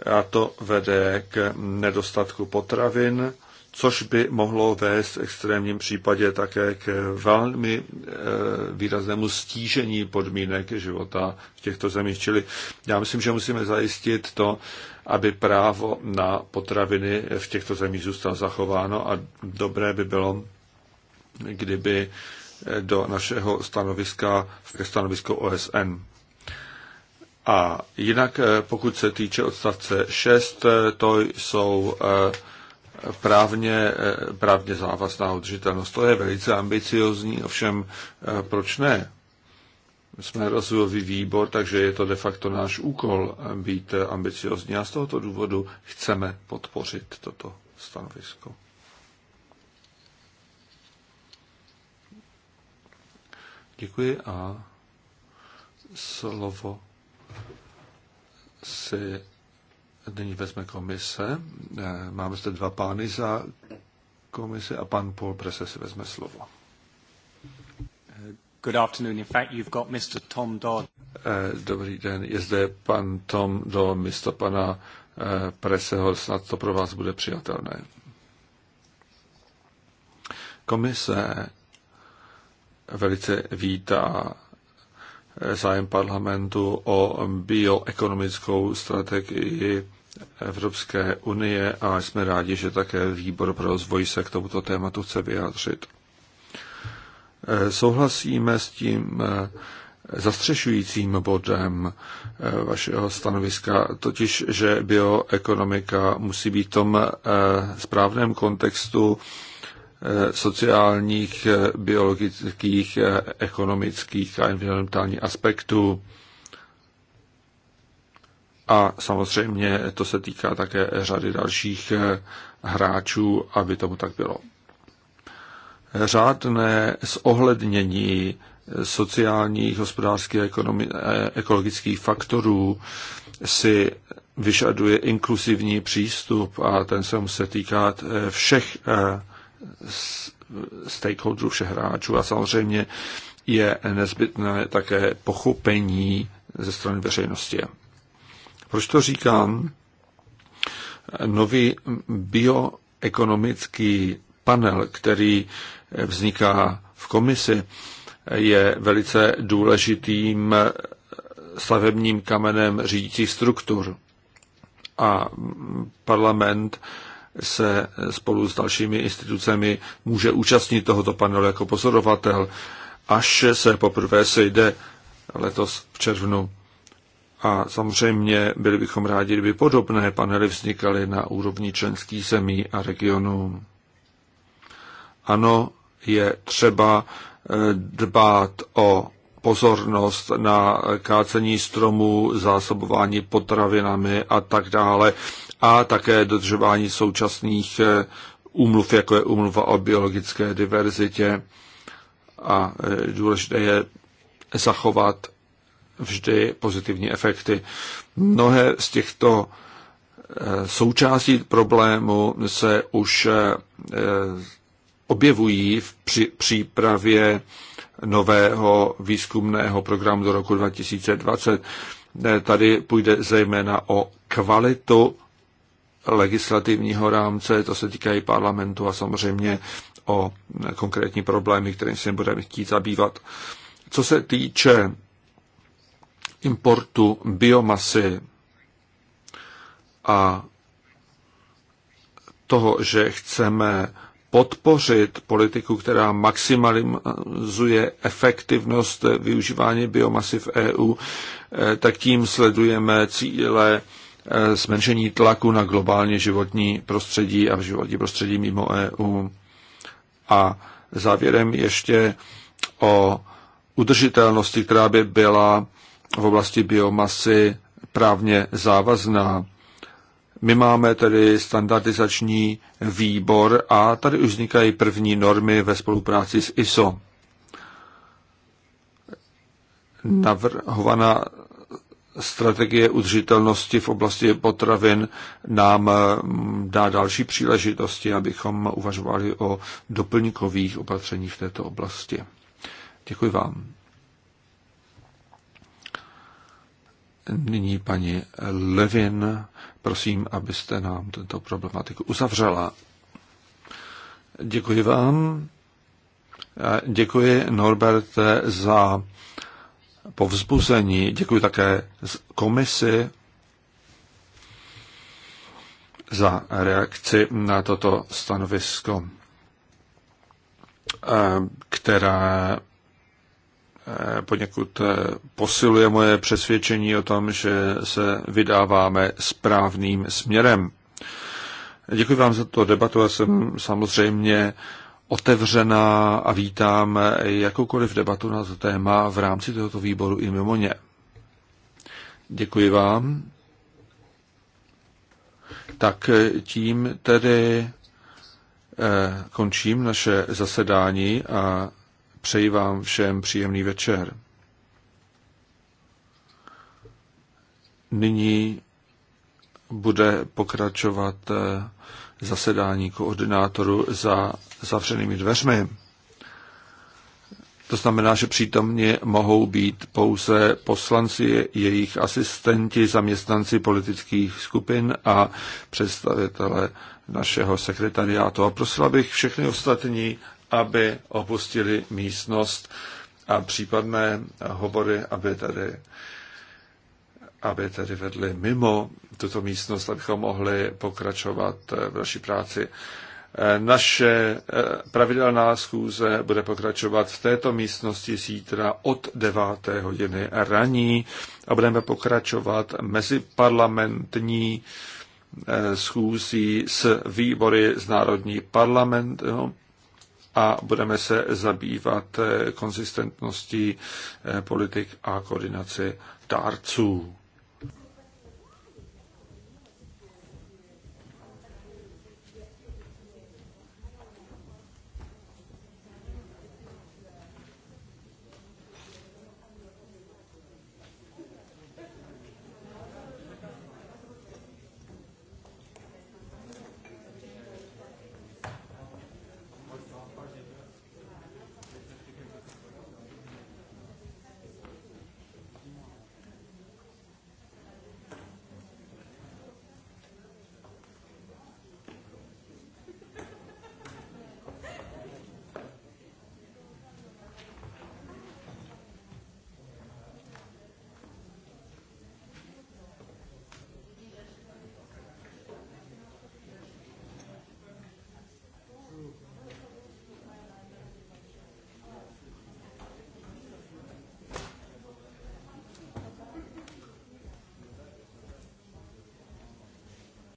a to vede k nedostatku potravin, což by mohlo vést v extrémním případě také k velmi eh, výraznému stížení podmínek života v těchto zemích. Čili já myslím, že musíme zajistit to, aby právo na potraviny v těchto zemích zůstalo zachováno a dobré by bylo, kdyby do našeho stanoviska, ke stanovisku OSN. A jinak, eh, pokud se týče odstavce 6, eh, to jsou eh, právně, právně závazná udržitelnost. To je velice ambiciozní, ovšem proč ne? My jsme rozvojový výbor, takže je to de facto náš úkol eh, být eh, ambiciozní a z tohoto důvodu chceme podpořit toto stanovisko. Děkuji a slovo si nyní vezme komise. Eh, máme zde dva pány za komise a pan Paul Prese si vezme slovo. Good afternoon. In fact, you've got Mr. Tom Dodd. Eh, dobrý den, je zde pan Tom do místa pana eh, Preseho, snad to pro vás bude přijatelné. Komise eh, velice vítá zájem parlamentu o bioekonomickou strategii Evropské unie a jsme rádi, že také výbor pro rozvoj se k tomuto tématu chce vyjádřit. Eh, souhlasíme s tím eh, zastřešujícím bodem eh, vašeho stanoviska, totiž, že bioekonomika musí být v tom správném kontextu sociálních, biologických, ekonomických a environmentálních aspektů. A samozřejmě to se týká také řady dalších hráčů, aby tomu tak bylo řádné zohlednění sociálních, hospodářských a ekologických faktorů si vyžaduje inkluzivní přístup a ten se musí týkat eh, všech eh, stakeholderů, všech hráčů a samozřejmě je nezbytné také pochopení ze strany veřejnosti. Proč to říkám? Nový bioekonomický panel, který vzniká v komisi, je velice důležitým stavebním kamenem řídících struktur. A parlament se spolu s dalšími institucemi může účastnit tohoto panelu jako pozorovatel, až se poprvé sejde letos v červnu. A samozřejmě byli bychom rádi, kdyby podobné panely vznikaly na úrovni členských zemí a regionů. Ano, je třeba eh, dbát o pozornost na kácení stromů, zásobování potravinami a tak dále a také dodržování současných eh, úmluv, jako je úmluva o biologické diverzitě. A eh, důležité je zachovat vždy pozitivní efekty. Mnohé z těchto součástí problému se už objevují v, při přípravě nového výzkumného programu do roku 2020. Tady půjde zejména o kvalitu legislativního rámce, to se týká i parlamentu a samozřejmě o konkrétní problémy, kterým se budeme chtít zabývat. Co se týče importu biomasy a toho, že chceme podpořit politiku, která maximalizuje efektivnost využívání biomasy v EU, eh, tak tím sledujeme cíle eh, zmenšení tlaku na globálně životní prostředí a v životní prostředí mimo EU. A závěrem ještě o udržitelnosti, která by byla v oblasti biomasy právně závazná. My máme tedy standardizační výbor a tady už vznikají první normy ve spolupráci s ISO. Navrhovaná strategie udržitelnosti v oblasti potravin nám mm, dá další příležitosti, abychom uvažovali o doplňkových opatřeních v této oblasti. Děkuji vám. Nyní paní Levin, prosím, abyste nám tento problematiku uzavřela. Děkuji vám. Děkuji Norbert za povzbuzení. Děkuji také komisi za reakci na toto stanovisko, eh, která Eh, poněkud eh, posiluje moje přesvědčení o tom, že se vydáváme správným směrem. Děkuji vám za to debatu a jsem samozřejmě otevřená a vítám eh, jakoukoliv debatu na to téma v rámci tohoto výboru i mimo ně. Děkuji vám. Tak tím tedy končím naše zasedání a Přeji vám všem příjemný večer. Nyní bude pokračovat eh, zasedání koordinátoru za zavřenými dveřmi. To znamená, že přítomně mohou být pouze poslanci, jejich asistenti, zaměstnanci politických skupin a představitele našeho sekretariátu. A prosila bych všechny ostatní, aby opustili místnost a případné hovory, aby tady, aby tady vedli mimo tuto místnost, abychom mohli pokračovat v naší práci. Naše eh, pravidelná schůze bude pokračovat v této místnosti zítra od 9. hodiny raní a budeme pokračovat meziparlamentní eh, schůzí s výbory z Národní parlament. No, a budeme se zabývat eh, konzistentností eh, politik a koordinaci dárců.